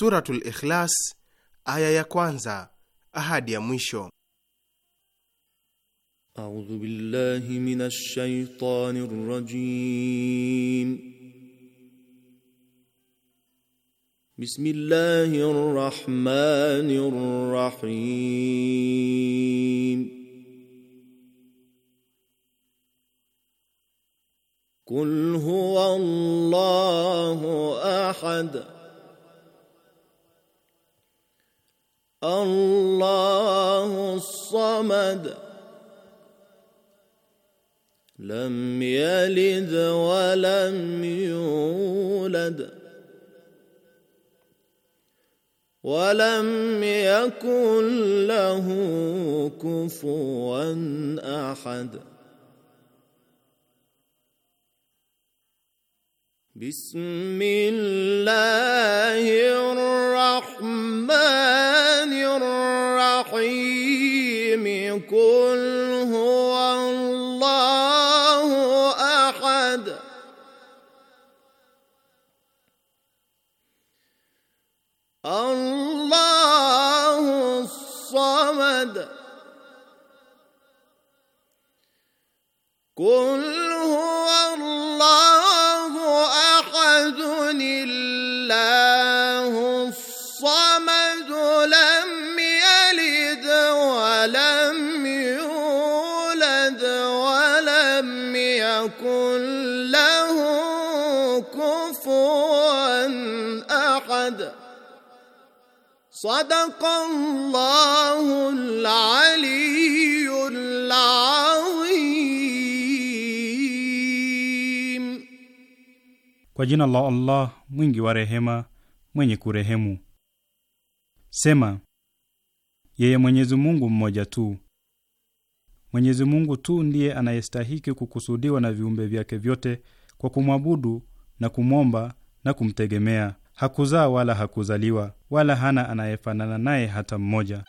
Suratul Ikhlas aya ya kwanza ahadi ya mwisho. A'udhu billahi minash shaitanir rajim. Bismillahir rahmanir rahim. يلد ولم يولد ولم يكن له كفوا احد بسم الله الرحمن الرحيم كل الله الصمد كل Sadaqallahul aliyyul azim. Kwa jina la Allah mwingi wa rehema mwenye kurehemu. Sema, yeye Mwenyezi Mungu mmoja tu. Mwenyezi Mungu tu ndiye anayestahiki kukusudiwa na viumbe vyake vyote kwa kumwabudu na kumwomba na kumtegemea hakuzaa wala hakuzaliwa wala hana anayefanana naye hata mmoja.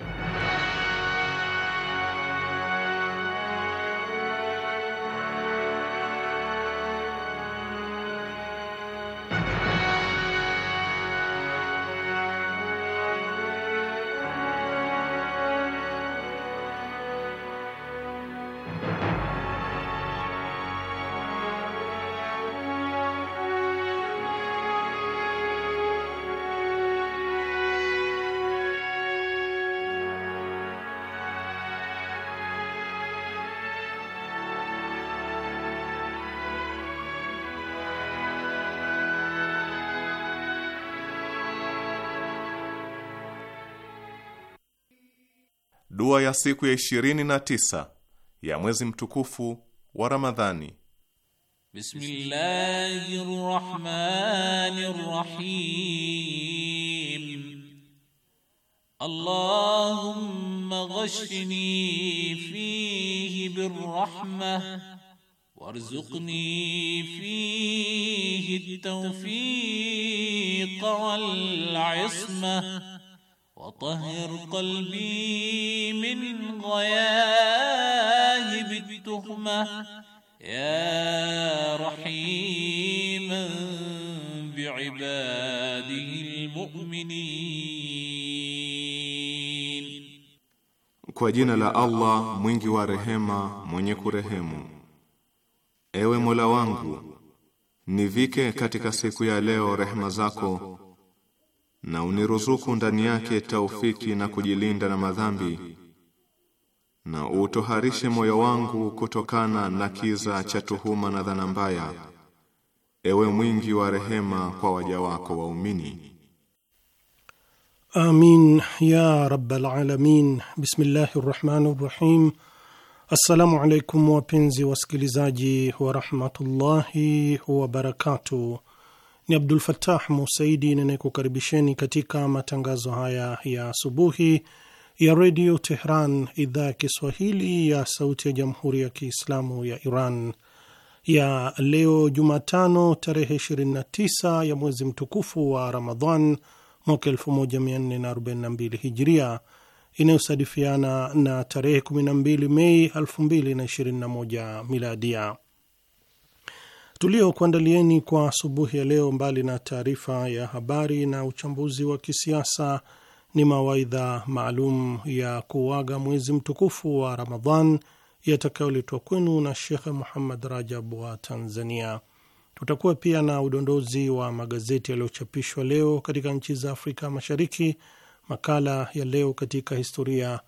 Dua ya siku ya 29 ya mwezi mtukufu wa Ramadhani. Bismillahir Rahmanir Rahim. Allahumma ghashni fihi birrahma warzuqni fihi at-tawfiq wal isma طهر قلبي من غياهب التهمة يا رحيما بعباده المؤمنين Kwa jina la Allah mwingi wa rehema mwenye kurehemu Ewe Mola wangu nivike katika siku ya leo rehema zako na uniruzuku ndani yake taufiki na kujilinda na madhambi na utoharishe moyo wangu kutokana na kiza cha tuhuma na dhana mbaya ewe mwingi wa rehema kwa waja wako waumini amin ya rabbal alamin bismillahi rahmani rahim assalamu alaikum wapenzi wasikilizaji wa rahmatullahi wa barakatuh ni Abdul Fatah Musaidi ninayekukaribisheni katika matangazo haya ya asubuhi ya redio Tehran, idhaa ya Kiswahili ya sauti ya jamhuri ya Kiislamu ya Iran ya leo Jumatano tarehe 29 ya mwezi mtukufu wa Ramadhan mwaka 1442 Hijria inayosadifiana na tarehe 12 Mei 2021 Miladia tuliokuandalieni kwa asubuhi ya leo, mbali na taarifa ya habari na uchambuzi wa kisiasa, ni mawaidha maalum ya kuaga mwezi mtukufu wa Ramadhan yatakayoletwa kwenu na shekhe Muhammad Rajab wa Tanzania. Tutakuwa pia na udondozi wa magazeti yaliyochapishwa leo katika nchi za Afrika Mashariki, makala ya leo katika historia,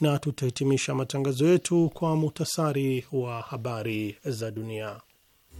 na tutahitimisha matangazo yetu kwa muhtasari wa habari za dunia.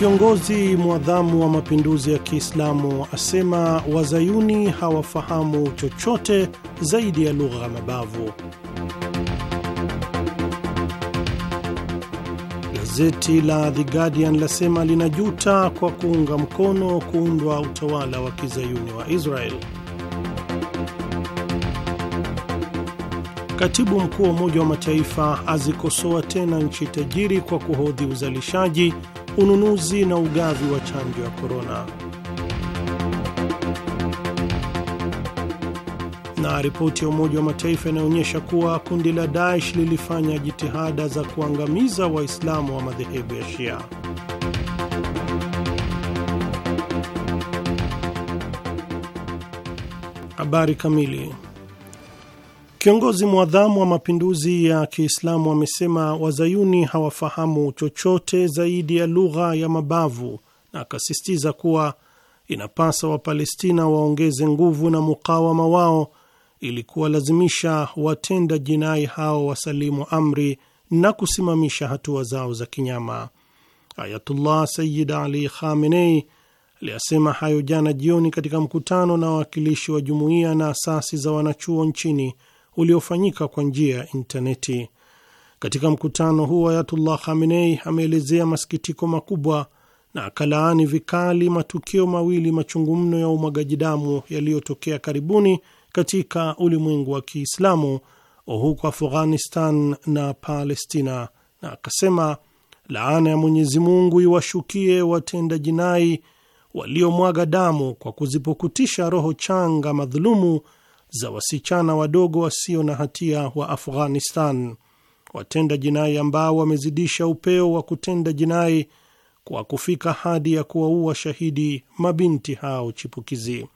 Kiongozi mwadhamu wa mapinduzi ya Kiislamu asema wazayuni hawafahamu chochote zaidi ya lugha ya mabavu. Gazeti la The Guardian lasema linajuta kwa kuunga mkono kuundwa utawala wa kizayuni wa Israel. Katibu mkuu wa Umoja wa Mataifa azikosoa tena nchi tajiri kwa kuhodhi uzalishaji ununuzi na ugavi wa chanjo ya korona. Na ripoti ya Umoja wa Mataifa inaonyesha kuwa kundi la Daesh lilifanya jitihada za kuangamiza Waislamu wa, wa madhehebu ya Shia. Habari kamili Kiongozi mwadhamu wa mapinduzi ya Kiislamu amesema wazayuni hawafahamu chochote zaidi ya lugha ya mabavu, na akasisitiza kuwa inapasa Wapalestina waongeze nguvu na mukawama wao ili kuwalazimisha watenda jinai hao wasalimu amri na kusimamisha hatua zao za kinyama. Ayatullah Sayyid Ali Khamenei aliyasema hayo jana jioni katika mkutano na wawakilishi wa jumuiya na asasi za wanachuo nchini uliofanyika kwa njia ya intaneti. Katika mkutano huo, Ayatullah Khamenei ameelezea masikitiko makubwa na akalaani vikali matukio mawili machungu mno ya umwagaji damu yaliyotokea karibuni katika ulimwengu wa Kiislamu huko Afghanistan na Palestina, na akasema laana ya Mwenyezi Mungu iwashukie watenda jinai waliomwaga damu kwa kuzipukutisha roho changa madhulumu za wasichana wadogo wasio na hatia wa Afghanistan, watenda jinai ambao wamezidisha upeo wa kutenda jinai kwa kufika hadi ya kuwaua shahidi mabinti hao chipukizi.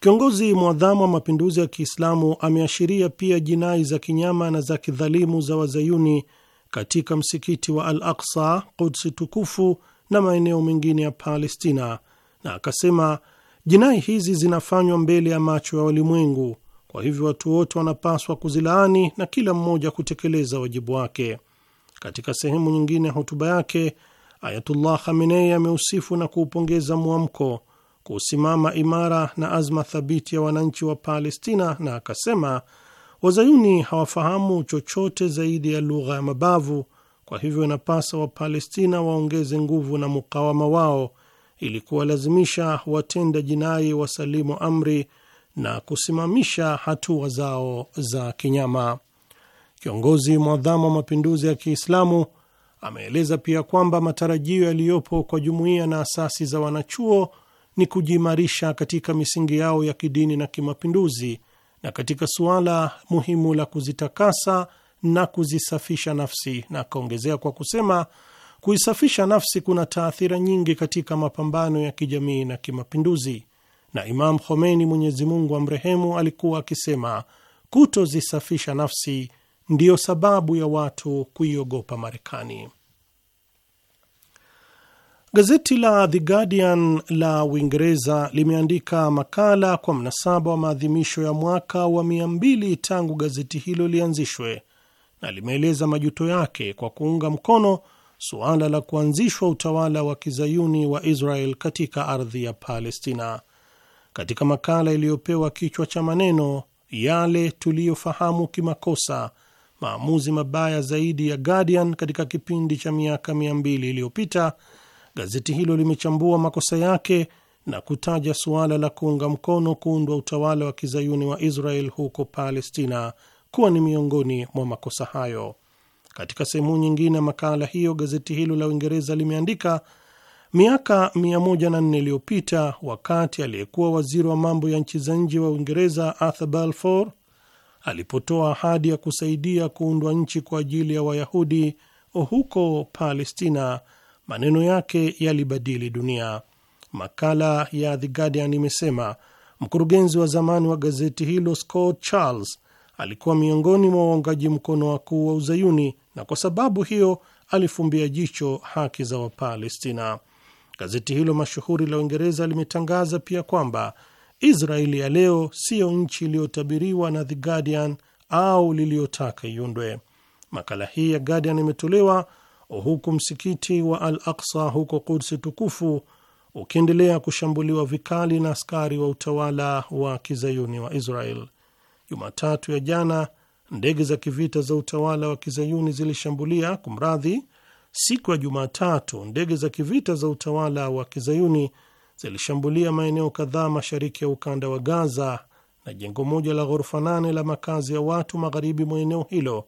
Kiongozi mwadhamu wa mapinduzi ya Kiislamu ameashiria pia jinai za kinyama na za kidhalimu za wazayuni katika msikiti wa Al Aksa, Kudsi tukufu na maeneo mengine ya Palestina, na akasema Jinai hizi zinafanywa mbele ya macho ya walimwengu, kwa hivyo watu wote wanapaswa kuzilaani na kila mmoja kutekeleza wajibu wake. Katika sehemu nyingine ya hotuba yake, Ayatullah Khamenei ameusifu na kuupongeza mwamko, kusimama imara na azma thabiti ya wananchi wa Palestina, na akasema wazayuni hawafahamu chochote zaidi ya lugha ya mabavu. Kwa hivyo inapasa Wapalestina waongeze nguvu na mukawama wao ili kuwalazimisha watenda jinai wasalimu amri na kusimamisha hatua zao za kinyama. Kiongozi mwadhamu wa mapinduzi ya Kiislamu ameeleza pia kwamba matarajio yaliyopo kwa jumuiya na asasi za wanachuo ni kujiimarisha katika misingi yao ya kidini na kimapinduzi na katika suala muhimu la kuzitakasa na kuzisafisha nafsi, na akaongezea kwa kusema Kuisafisha nafsi kuna taathira nyingi katika mapambano ya kijamii na kimapinduzi, na Imam Khomeini, Mwenyezi Mungu amrehemu, alikuwa akisema kutozisafisha nafsi ndiyo sababu ya watu kuiogopa Marekani. Gazeti la The Guardian la Uingereza limeandika makala kwa mnasaba wa maadhimisho ya mwaka wa mia mbili tangu gazeti hilo lianzishwe, na limeeleza majuto yake kwa kuunga mkono suala la kuanzishwa utawala wa kizayuni wa Israel katika ardhi ya Palestina. Katika makala iliyopewa kichwa cha maneno yale tuliyofahamu kimakosa, maamuzi mabaya zaidi ya Guardian katika kipindi cha miaka mia mbili iliyopita, gazeti hilo limechambua makosa yake na kutaja suala la kuunga mkono kuundwa utawala wa kizayuni wa Israel huko Palestina kuwa ni miongoni mwa makosa hayo. Katika sehemu nyingine ya makala hiyo, gazeti hilo la Uingereza limeandika miaka 104 iliyopita, wakati aliyekuwa waziri wa mambo ya nchi za nje wa Uingereza Arthur Balfour alipotoa ahadi ya kusaidia kuundwa nchi kwa ajili ya Wayahudi huko Palestina, maneno yake yalibadili dunia. Makala ya The Guardian imesema mkurugenzi wa zamani wa gazeti hilo Scott Charles alikuwa miongoni mwa waungaji mkono wakuu wa Uzayuni na kwa sababu hiyo alifumbia jicho haki za Wapalestina. Gazeti hilo mashuhuri la Uingereza limetangaza pia kwamba Israeli ya leo siyo nchi iliyotabiriwa na The Guardian au liliyotaka iundwe. Makala hii ya Guardian imetolewa huku msikiti wa Al Aksa huko Kudsi tukufu ukiendelea kushambuliwa vikali na askari wa utawala wa kizayuni wa Israel. Jumatatu ya jana ndege za kivita za utawala wa kizayuni zilishambulia kumradhi. Siku ya Jumatatu ndege za kivita za utawala wa kizayuni zilishambulia maeneo kadhaa mashariki ya ukanda wa Gaza na jengo moja la ghorofa nane la makazi ya watu magharibi mwa eneo hilo,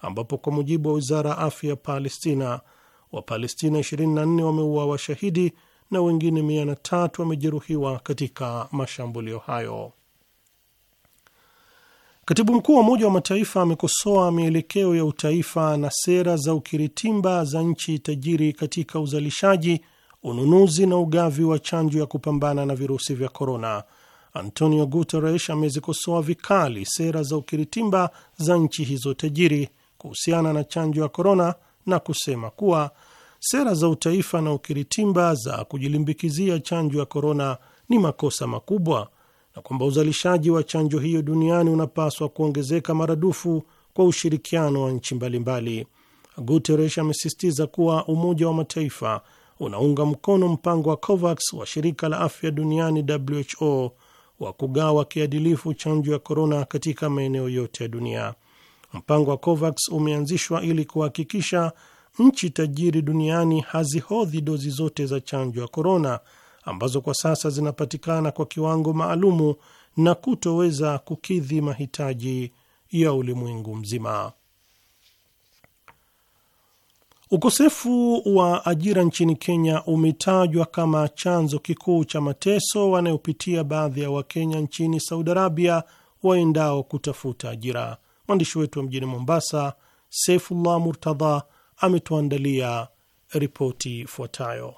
ambapo kwa mujibu wa wizara ya afya ya Palestina Wapalestina 24 wameuawa shahidi na wengine 103 wamejeruhiwa katika mashambulio hayo. Katibu mkuu wa Umoja wa Mataifa amekosoa mielekeo ya utaifa na sera za ukiritimba za nchi tajiri katika uzalishaji, ununuzi na ugavi wa chanjo ya kupambana na virusi vya korona. Antonio Guterres amezikosoa vikali sera za ukiritimba za nchi hizo tajiri kuhusiana na chanjo ya korona na kusema kuwa sera za utaifa na ukiritimba za kujilimbikizia chanjo ya korona ni makosa makubwa na kwamba uzalishaji wa chanjo hiyo duniani unapaswa kuongezeka maradufu kwa ushirikiano wa nchi mbalimbali. Guterres amesisitiza kuwa Umoja wa Mataifa unaunga mkono mpango wa COVAX wa shirika la afya duniani WHO wa kugawa kiadilifu chanjo ya korona katika maeneo yote ya dunia. Mpango wa COVAX umeanzishwa ili kuhakikisha nchi tajiri duniani hazihodhi dozi zote za chanjo ya korona ambazo kwa sasa zinapatikana kwa kiwango maalumu na kutoweza kukidhi mahitaji ya ulimwengu mzima. Ukosefu wa ajira nchini Kenya umetajwa kama chanzo kikuu cha mateso wanayopitia baadhi ya Wakenya nchini Saudi Arabia waendao kutafuta ajira. Mwandishi wetu wa mjini Mombasa, Saifullah Murtadha, ametuandalia ripoti ifuatayo.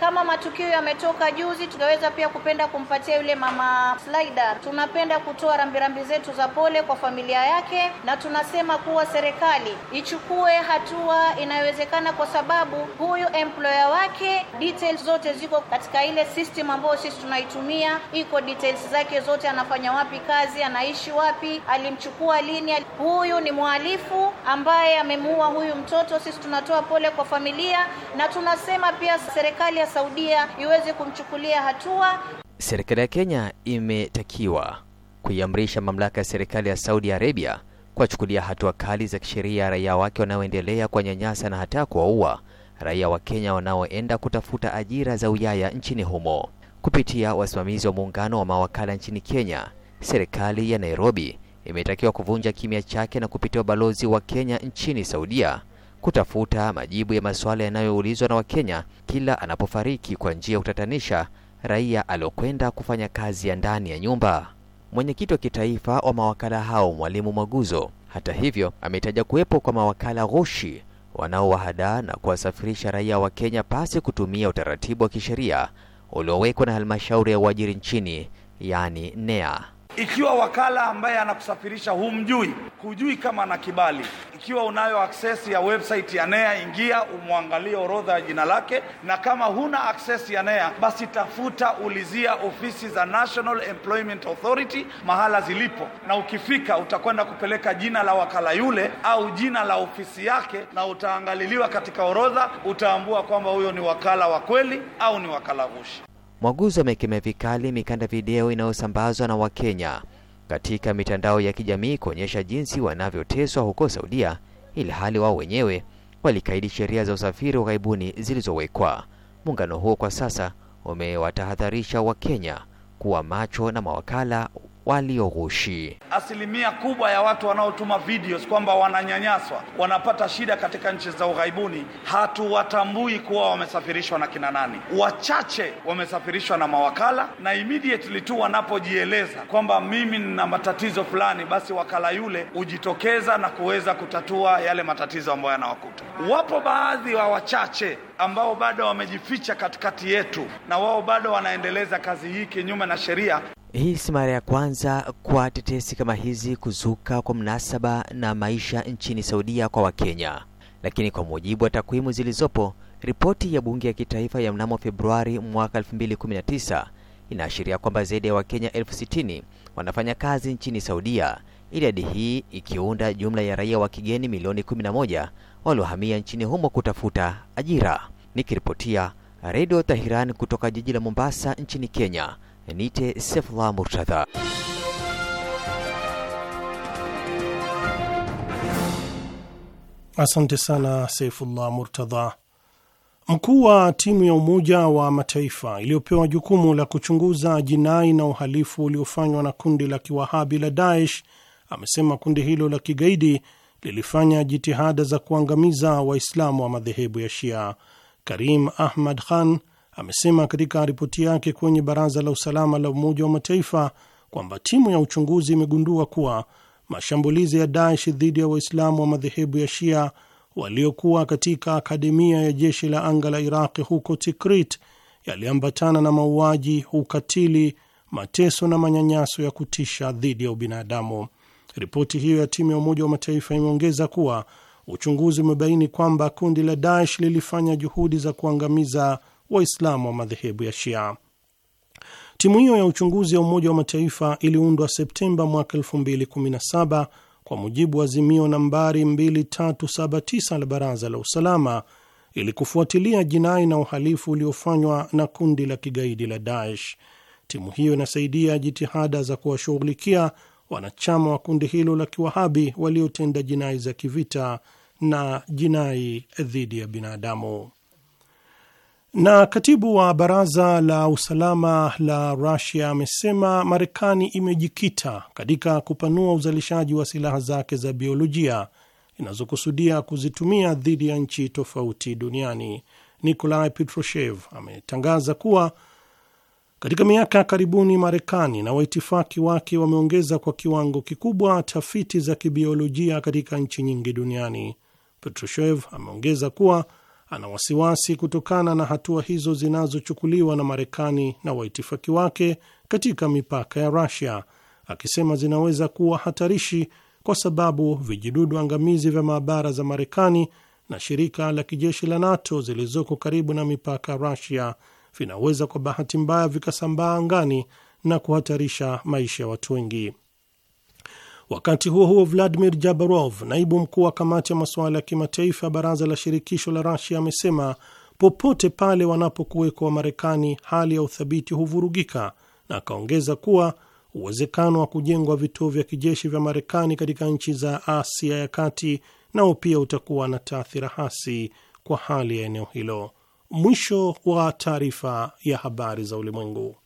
Kama matukio yametoka juzi, tutaweza pia kupenda kumpatia yule mama Slider. Tunapenda kutoa rambirambi zetu za pole kwa familia yake, na tunasema kuwa serikali ichukue hatua inayowezekana, kwa sababu huyu employer wake details zote ziko katika ile system ambayo sisi tunaitumia, iko details zake zote, anafanya wapi kazi, anaishi wapi, alimchukua lini. Huyu ni mhalifu ambaye amemuua huyu mtoto. Sisi tunatoa pole kwa familia na tunasema pia serikali ya Saudia iweze kumchukulia hatua. Serikali ya Kenya imetakiwa kuiamrisha mamlaka ya serikali ya Saudi Arabia kuwachukulia hatua kali za kisheria raia wake wanaoendelea kwa nyanyasa na hata kuwaua raia wa Kenya wanaoenda kutafuta ajira za uyaya nchini humo. Kupitia wasimamizi wa muungano wa mawakala nchini Kenya, serikali ya Nairobi imetakiwa kuvunja kimya chake na kupitia ubalozi wa Kenya nchini Saudia kutafuta majibu ya masuala yanayoulizwa na Wakenya kila anapofariki kwa njia ya kutatanisha raia aliokwenda kufanya kazi ya ndani ya nyumba. Mwenyekiti wa kitaifa wa mawakala hao Mwalimu Mwaguzo, hata hivyo, ametaja kuwepo kwa mawakala ghushi wanaowahadaa na kuwasafirisha raia wa Kenya pasi kutumia utaratibu wa kisheria uliowekwa na halmashauri ya uajiri nchini, yani NEA. Ikiwa wakala ambaye anakusafirisha humjui, hujui kama ana kibali, ikiwa unayo access ya website ya NEA, ingia umwangalie orodha ya jina lake, na kama huna access ya NEA, basi tafuta, ulizia ofisi za National Employment Authority mahala zilipo, na ukifika utakwenda kupeleka jina la wakala yule au jina la ofisi yake, na utaangaliliwa katika orodha, utaambua kwamba huyo ni wakala wa kweli au ni wakala gushi. Mwaguzi amekemea vikali mikanda video inayosambazwa na Wakenya katika mitandao ya kijamii kuonyesha jinsi wanavyoteswa huko Saudia, ili hali wao wenyewe walikaidi sheria za usafiri wa karibuni zilizowekwa. Muungano huo kwa sasa umewatahadharisha Wakenya kuwa macho na mawakala walioghushi. Asilimia kubwa ya watu wanaotuma videos kwamba wananyanyaswa, wanapata shida katika nchi za ughaibuni, hatuwatambui kuwa wamesafirishwa na kina nani. Wachache wamesafirishwa na mawakala, na immediately tu wanapojieleza kwamba mimi nina matatizo fulani, basi wakala yule hujitokeza na kuweza kutatua yale matatizo ambayo yanawakuta. Wapo baadhi wa wachache ambao bado wamejificha katikati yetu, na wao bado wanaendeleza kazi hii kinyume na sheria. Hii si mara ya kwanza kwa tetesi kama hizi kuzuka kwa mnasaba na maisha nchini Saudia kwa Wakenya, lakini kwa mujibu wa takwimu zilizopo, ripoti ya Bunge ya Kitaifa ya mnamo Februari mwaka 2019 inaashiria kwamba zaidi ya Wakenya elfu sitini wanafanya kazi nchini Saudia, idadi hii ikiunda jumla ya raia wa kigeni milioni 11 waliohamia nchini humo kutafuta ajira. Nikiripotia Radio Tahiran kutoka jiji la Mombasa nchini Kenya. Niite Sefullah Murtadha. Asante sana Saifullah Murtadha. Mkuu wa timu ya Umoja wa Mataifa iliyopewa jukumu la kuchunguza jinai na uhalifu uliofanywa na kundi la kiwahabi la Daesh amesema kundi hilo la kigaidi lilifanya jitihada za kuangamiza Waislamu wa madhehebu ya Shia. Karim Ahmad Khan, amesema katika ripoti yake kwenye Baraza la Usalama la Umoja wa Mataifa kwamba timu ya uchunguzi imegundua kuwa mashambulizi ya Daesh dhidi ya Waislamu wa madhehebu ya Shia waliokuwa katika akademia ya jeshi la anga la Iraqi huko Tikrit yaliambatana na mauaji, ukatili, mateso na manyanyaso ya kutisha dhidi ya ubinadamu. Ripoti hiyo ya timu ya Umoja wa Mataifa imeongeza kuwa uchunguzi umebaini kwamba kundi la Daesh lilifanya juhudi za kuangamiza Waislamu wa madhehebu ya Shia. Timu hiyo ya uchunguzi ya Umoja wa Mataifa iliundwa Septemba mwaka 2017 kwa mujibu wa azimio nambari 2379 la Baraza la Usalama ili kufuatilia jinai na uhalifu uliofanywa na kundi la kigaidi la Daesh. Timu hiyo inasaidia jitihada za kuwashughulikia wanachama wa kundi hilo la kiwahabi waliotenda jinai za kivita na jinai dhidi ya binadamu. Na katibu wa baraza la usalama la Rusia amesema Marekani imejikita katika kupanua uzalishaji wa silaha zake za biolojia inazokusudia kuzitumia dhidi ya nchi tofauti duniani. Nikolai petroshev ametangaza kuwa katika miaka ya karibuni Marekani na waitifaki wake wameongeza kwa kiwango kikubwa tafiti za kibiolojia katika nchi nyingi duniani. Petroshev ameongeza kuwa ana wasiwasi kutokana na hatua hizo zinazochukuliwa na Marekani na waitifaki wake katika mipaka ya Rusia, akisema zinaweza kuwa hatarishi kwa sababu vijidudu angamizi vya maabara za Marekani na shirika la kijeshi la NATO zilizoko karibu na mipaka ya Rusia vinaweza kwa bahati mbaya vikasambaa angani na kuhatarisha maisha ya watu wengi. Wakati huo huo, Vladimir Jabarov, naibu mkuu wa kamati ya masuala ya kimataifa baraza la shirikisho la Rasia, amesema popote pale wanapokuwekwa Wamarekani hali ya uthabiti huvurugika, na akaongeza kuwa uwezekano wa kujengwa vituo vya kijeshi vya Marekani katika nchi za Asia ya kati nao pia utakuwa na taathira hasi kwa hali ya eneo hilo. Mwisho wa taarifa ya habari za ulimwengu.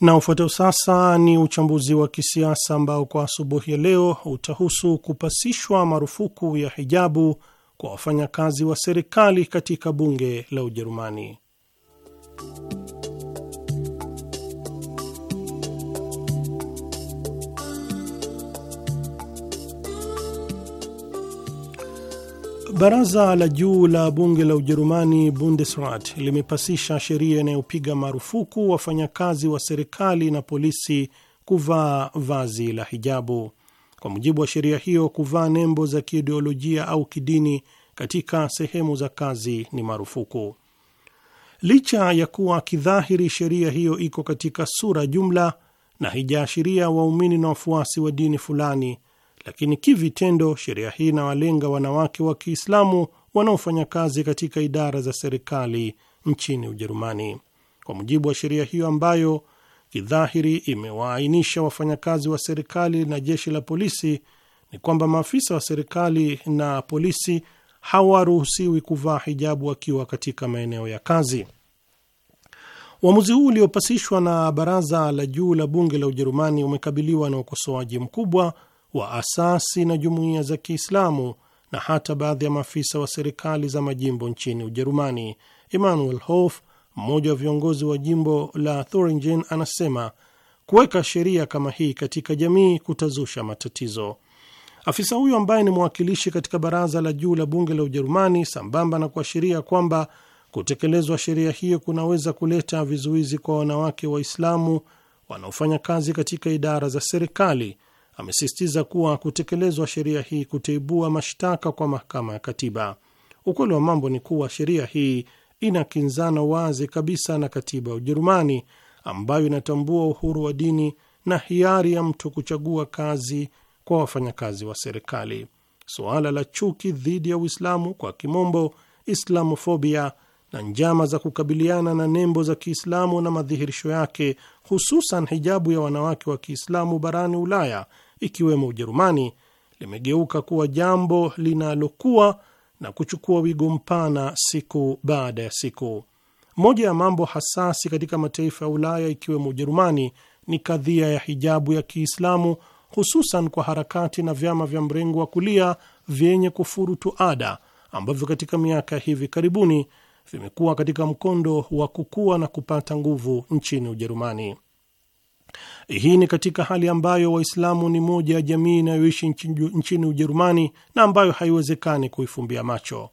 Na ufuatao sasa ni uchambuzi wa kisiasa ambao kwa asubuhi ya leo utahusu kupasishwa marufuku ya hijabu kwa wafanyakazi wa serikali katika bunge la Ujerumani. Baraza la juu la bunge la Ujerumani, Bundesrat, limepasisha sheria inayopiga marufuku wafanyakazi wa serikali na polisi kuvaa vazi la hijabu. Kwa mujibu wa sheria hiyo, kuvaa nembo za kiideolojia au kidini katika sehemu za kazi ni marufuku. Licha ya kuwa kidhahiri sheria hiyo iko katika sura jumla na hijaashiria waumini na wafuasi wa dini fulani lakini kivitendo sheria hii inawalenga wanawake wa Kiislamu wanaofanya kazi katika idara za serikali nchini Ujerumani. Kwa mujibu wa sheria hiyo ambayo kidhahiri imewaainisha wafanyakazi wa serikali na jeshi la polisi, ni kwamba maafisa wa serikali na polisi hawaruhusiwi kuvaa hijabu wakiwa katika maeneo ya kazi. Uamuzi huu uliopasishwa na baraza la juu la bunge la Ujerumani umekabiliwa na ukosoaji mkubwa wa asasi na jumuiya za Kiislamu na hata baadhi ya maafisa wa serikali za majimbo nchini Ujerumani. Emmanuel Hof, mmoja wa viongozi wa jimbo la Thuringen, anasema kuweka sheria kama hii katika jamii kutazusha matatizo. Afisa huyo ambaye ni mwakilishi katika baraza la juu la bunge la Ujerumani, sambamba na kuashiria kwamba kutekelezwa sheria hiyo kunaweza kuleta vizuizi kwa wanawake Waislamu wanaofanya kazi katika idara za serikali amesisitiza kuwa kutekelezwa sheria hii kutaibua mashtaka kwa mahakama ya katiba. Ukweli wa mambo ni kuwa sheria hii inakinzana wazi kabisa na katiba ya Ujerumani ambayo inatambua uhuru wa dini na hiari ya mtu kuchagua kazi kwa wafanyakazi wa serikali. Suala la chuki dhidi ya Uislamu, kwa kimombo islamofobia, na njama za kukabiliana na nembo za Kiislamu na madhihirisho yake, hususan hijabu ya wanawake wa Kiislamu barani Ulaya ikiwemo Ujerumani limegeuka kuwa jambo linalokuwa na kuchukua wigo mpana siku baada ya siku. Moja ya mambo hasasi katika mataifa ya Ulaya ikiwemo Ujerumani ni kadhia ya hijabu ya Kiislamu, hususan kwa harakati na vyama vya mrengo wa kulia vyenye kufurutu ada ambavyo katika miaka ya hivi karibuni vimekuwa katika mkondo wa kukua na kupata nguvu nchini Ujerumani. Hii ni katika hali ambayo Waislamu ni moja ya jamii inayoishi nchini Ujerumani na ambayo haiwezekani kuifumbia macho.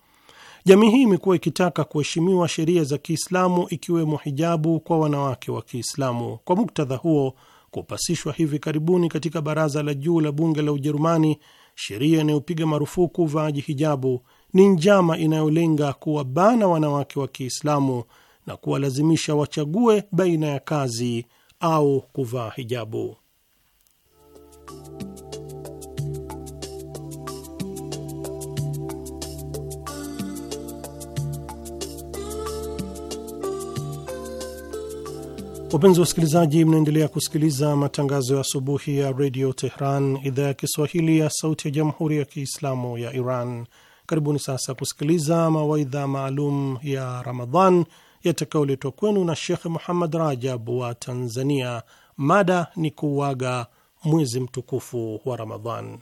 Jamii hii imekuwa ikitaka kuheshimiwa sheria za Kiislamu ikiwemo hijabu kwa wanawake wa Kiislamu. Kwa muktadha huo, kupasishwa hivi karibuni katika baraza la juu la bunge la Ujerumani sheria inayopiga marufuku uvaaji hijabu ni njama inayolenga kuwabana wanawake wa Kiislamu na kuwalazimisha wachague baina ya kazi au kuvaa hijabu. Wapenzi wasikilizaji, mnaendelea kusikiliza matangazo ya asubuhi ya redio Tehran, idhaa ya Kiswahili ya sauti ya jamhuri ya kiislamu ya Iran. Karibuni sasa kusikiliza mawaidha maalum ya Ramadhan yatakayoletwa kwenu na Shekh Muhammad Rajab wa Tanzania. Mada ni kuuaga mwezi mtukufu wa Ramadhan.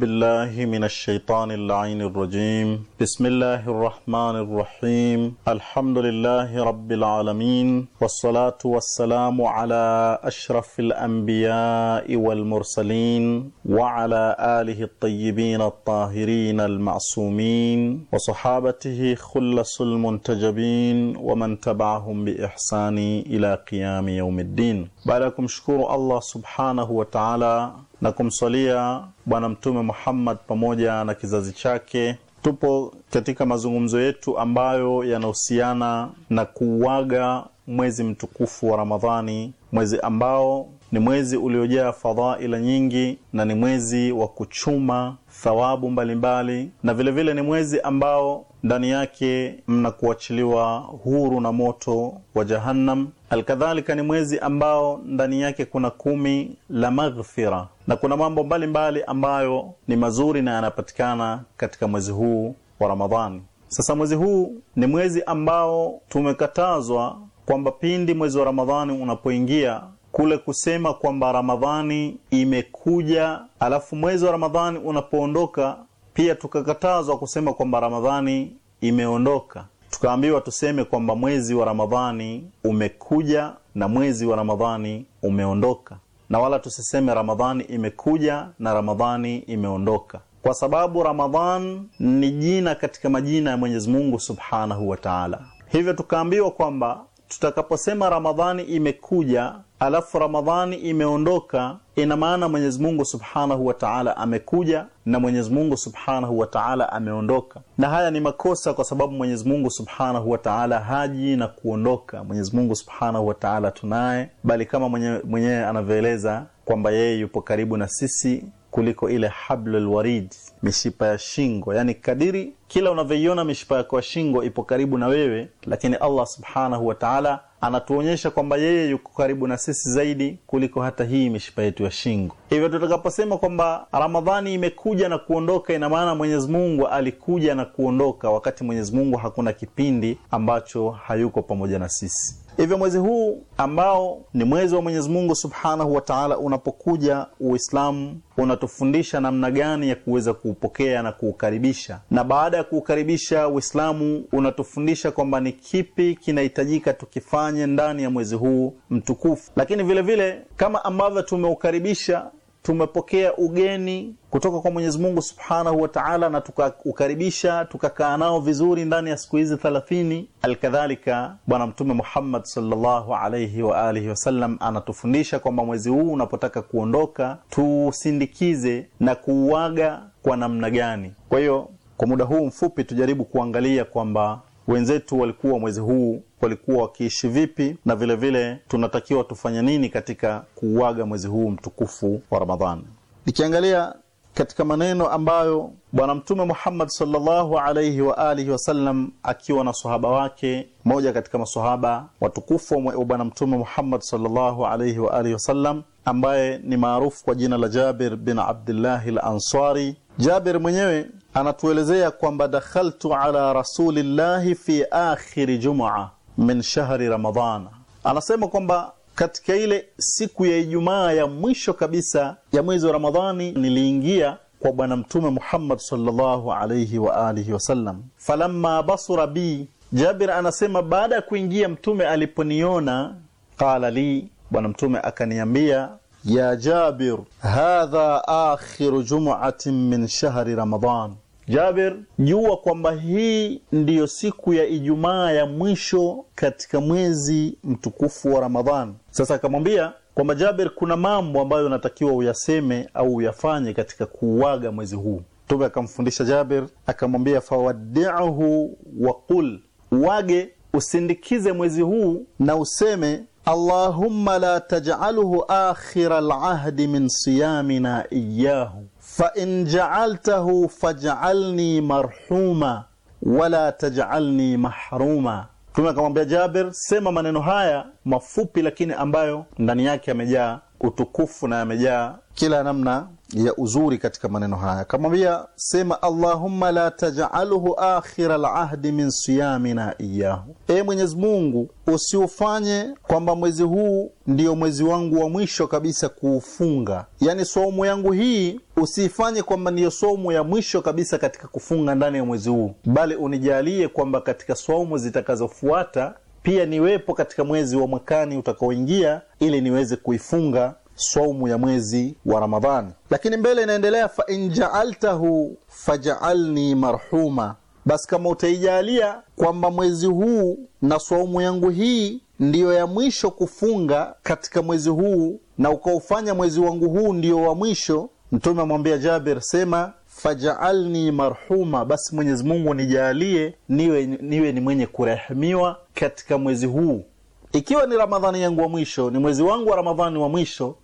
بالله من الشيطان اللعين الرجيم بسم الله الرحمن الرحيم الحمد لله رب العالمين والصلاة والسلام على أشرف الأنبياء والمرسلين وعلى آله الطيبين الطاهرين المعصومين وصحابته خلص المنتجبين ومن تبعهم بإحسان إلى قيام يوم الدين baada ya kumshukuru Allah subhanahu wa ta'ala na kumsalia Bwana Mtume Muhammad pamoja na kizazi chake, tupo katika mazungumzo yetu ambayo yanahusiana na kuuaga mwezi mtukufu wa Ramadhani, mwezi ambao ni mwezi uliojaa fadhaila nyingi na ni mwezi wa kuchuma thawabu mbalimbali mbali. Na vilevile vile ni mwezi ambao ndani yake mnakuachiliwa huru na moto wa Jahannam. Alkadhalika ni mwezi ambao ndani yake kuna kumi la maghfira na kuna mambo mbalimbali ambayo ni mazuri na yanapatikana katika mwezi huu wa Ramadhani. Sasa mwezi huu ni mwezi ambao tumekatazwa kwamba pindi mwezi wa Ramadhani unapoingia kule kusema kwamba Ramadhani imekuja, alafu mwezi wa Ramadhani unapoondoka, pia tukakatazwa kusema kwamba Ramadhani imeondoka. Tukaambiwa tuseme kwamba mwezi wa Ramadhani umekuja na mwezi wa Ramadhani umeondoka, na wala tusiseme Ramadhani imekuja na Ramadhani imeondoka, kwa sababu Ramadhan ni jina katika majina ya Mwenyezi Mungu Subhanahu wa Ta'ala. Hivyo tukaambiwa kwamba tutakaposema Ramadhani imekuja alafu Ramadhani imeondoka, ina maana Mwenyezi Mungu Subhanahu wa Ta'ala amekuja na Mwenyezi Mungu Subhanahu wa Ta'ala ameondoka, na haya ni makosa, kwa sababu Mwenyezi Mungu Subhanahu wa Ta'ala haji na kuondoka. Mwenyezi Mungu Subhanahu wa Ta'ala tunaye, bali kama mwenyewe mwenye anavyoeleza kwamba yeye yupo karibu na sisi kuliko ile hablul warid, mishipa ya shingo, yani kadiri kila unavyoiona mishipa yako ya shingo ipo karibu na wewe, lakini Allah subhanahu wa ta'ala anatuonyesha kwamba yeye yuko karibu na sisi zaidi kuliko hata hii mishipa yetu ya shingo. Hivyo tutakaposema kwamba Ramadhani imekuja na kuondoka, ina maana Mwenyezi Mungu alikuja na kuondoka, wakati Mwenyezi Mungu hakuna kipindi ambacho hayuko pamoja na sisi. Hivyo mwezi huu ambao ni mwezi wa Mwenyezi Mungu Subhanahu wa Ta'ala unapokuja, Uislamu unatufundisha namna gani ya kuweza kuupokea na kuukaribisha, na baada baada ya kuukaribisha Uislamu unatufundisha kwamba ni kipi kinahitajika tukifanye ndani ya mwezi huu mtukufu, lakini vile vile kama ambavyo tumeukaribisha tumepokea ugeni kutoka kwa Mwenyezi Mungu Subhanahu wa Ta'ala, na tukaukaribisha tukakaa nao vizuri ndani ya siku hizi thelathini. Alkadhalika, Bwana Mtume Muhammad sallallahu alayhi wa alihi wasallam anatufundisha kwamba mwezi huu unapotaka kuondoka tuusindikize na kuuaga kwa namna gani? Kwa hiyo kwa muda huu mfupi, tujaribu kuangalia kwamba wenzetu walikuwa mwezi huu walikuwa wakiishi vipi, na vilevile vile tunatakiwa tufanye nini katika kuuaga mwezi huu mtukufu wa Ramadhani. Nikiangalia katika maneno ambayo Bwana Mtume Muhammad sallallahu alaihi wa alihi wasallam akiwa na sahaba wake, moja katika masahaba watukufu wa Bwana Mtume Muhammad sallallahu alaihi wa alihi wasallam ambaye ni maarufu kwa jina la Jabir bin Abdillahi al Ansari. Jabir mwenyewe anatuelezea kwamba dakhaltu ala rasulillahi fi akhiri jumua min shahri ramadana, anasema kwamba katika ile siku ya Ijumaa ya mwisho kabisa ya mwezi wa Ramadhani niliingia kwa Bwana Mtume Muhammad sallallahu alayhi wa alihi wasallam. Falamma basura bi, Jabir anasema baada ya kuingia Mtume aliponiona, qala li, Bwana Mtume akaniambia, ya Jabir, hadha akhiru jumuatin min shahri Ramadhan jaber jua kwamba hii ndiyo siku ya Ijumaa ya mwisho katika mwezi mtukufu wa Ramadhani. Sasa akamwambia kwamba jaber kuna mambo ambayo unatakiwa uyaseme au uyafanye katika kuuaga mwezi huu. Mtume akamfundisha jaber akamwambia fawaddiuhu wa qul, uage usindikize mwezi huu na useme Allahumma la taj'alhu akhira alahdi min siyamina iyahu فإن جعلته فاجعلني marhuma wala tajalni mahruma mtume akamwambia jaber sema maneno haya mafupi lakini ambayo ndani yake yamejaa utukufu na yamejaa kila namna ya uzuri katika maneno haya, akamwambia sema, allahumma la tajaluhu akhira lahdi min siyamina iyahu, e ee Mwenyezi Mungu usiufanye kwamba mwezi huu ndiyo mwezi wangu wa mwisho kabisa kuufunga, yani somo yangu hii usiifanye kwamba ndiyo somo ya mwisho kabisa katika kufunga ndani ya mwezi huu, bali unijalie kwamba katika somo zitakazofuata pia niwepo katika mwezi wa mwakani utakaoingia, ili niweze kuifunga saumu ya mwezi wa Ramadhani. Lakini mbele inaendelea, fa in fajalni fajaalni marhuma, basi kama utaijalia kwamba mwezi huu na saumu yangu hii ndiyo ya mwisho kufunga katika mwezi huu na ukaufanya mwezi wangu huu ndiyo wa mwisho, Mtume amwambia Jabir, sema fajaalni marhuma, basi Mwenyezi Mungu nijalie niwe, niwe ni mwenye kurehemiwa katika mwezi huu, ikiwa ni Ramadhani yangu wa mwisho, ni mwezi wangu wa Ramadhani wa mwisho,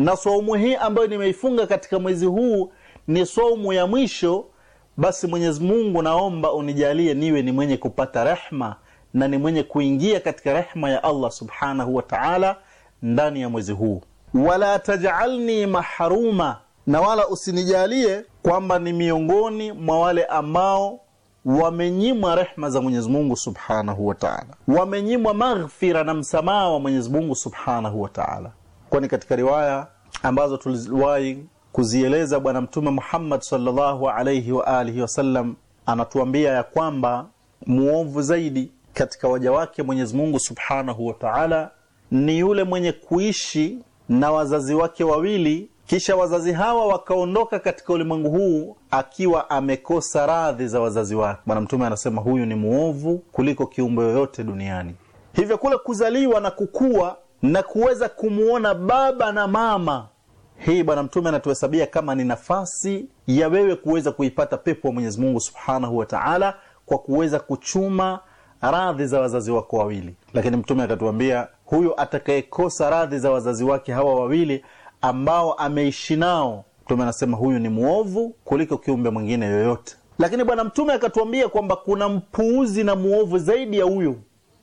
na saumu hii ambayo nimeifunga katika mwezi huu ni saumu ya mwisho, basi Mwenyezi Mungu naomba unijalie niwe ni mwenye kupata rehma na ni mwenye kuingia katika rehma ya Allah subhanahu wa ta'ala ndani ya mwezi huu. Wala tajalni mahruma, na wala usinijalie kwamba ni miongoni mwa wale ambao wamenyimwa rehma za Mwenyezi Mungu subhanahu wa ta'ala, wamenyimwa maghfira na msamaha wa Mwenyezi Mungu subhanahu wa ta'ala kwani katika riwaya ambazo tuliwahi kuzieleza bwana mtume Muhammad sallallahu alayhi wa alihi wasallam anatuambia ya kwamba muovu zaidi katika waja wake Mwenyezi Mungu Subhanahu wa Ta'ala ni yule mwenye kuishi na wazazi wake wawili kisha wazazi hawa wakaondoka katika ulimwengu huu akiwa amekosa radhi za wazazi wake. Bwana Mtume anasema huyu ni muovu kuliko kiumbe yoyote duniani. Hivyo kule kuzaliwa na kukua na kuweza kumwona baba na mama. Hii Bwana Mtume anatuhesabia kama ni nafasi ya wewe kuweza kuipata pepo ya Mwenyezi Mungu subhanahu wa taala kwa kuweza kuchuma radhi za wazazi wako wawili. Lakini Mtume akatuambia huyo atakayekosa radhi za wazazi wake hawa wawili ambao ameishi nao, Mtume anasema huyu ni mwovu kuliko kiumbe mwingine yoyote. Lakini Bwana Mtume akatuambia kwamba kuna mpuuzi na mwovu zaidi ya huyu,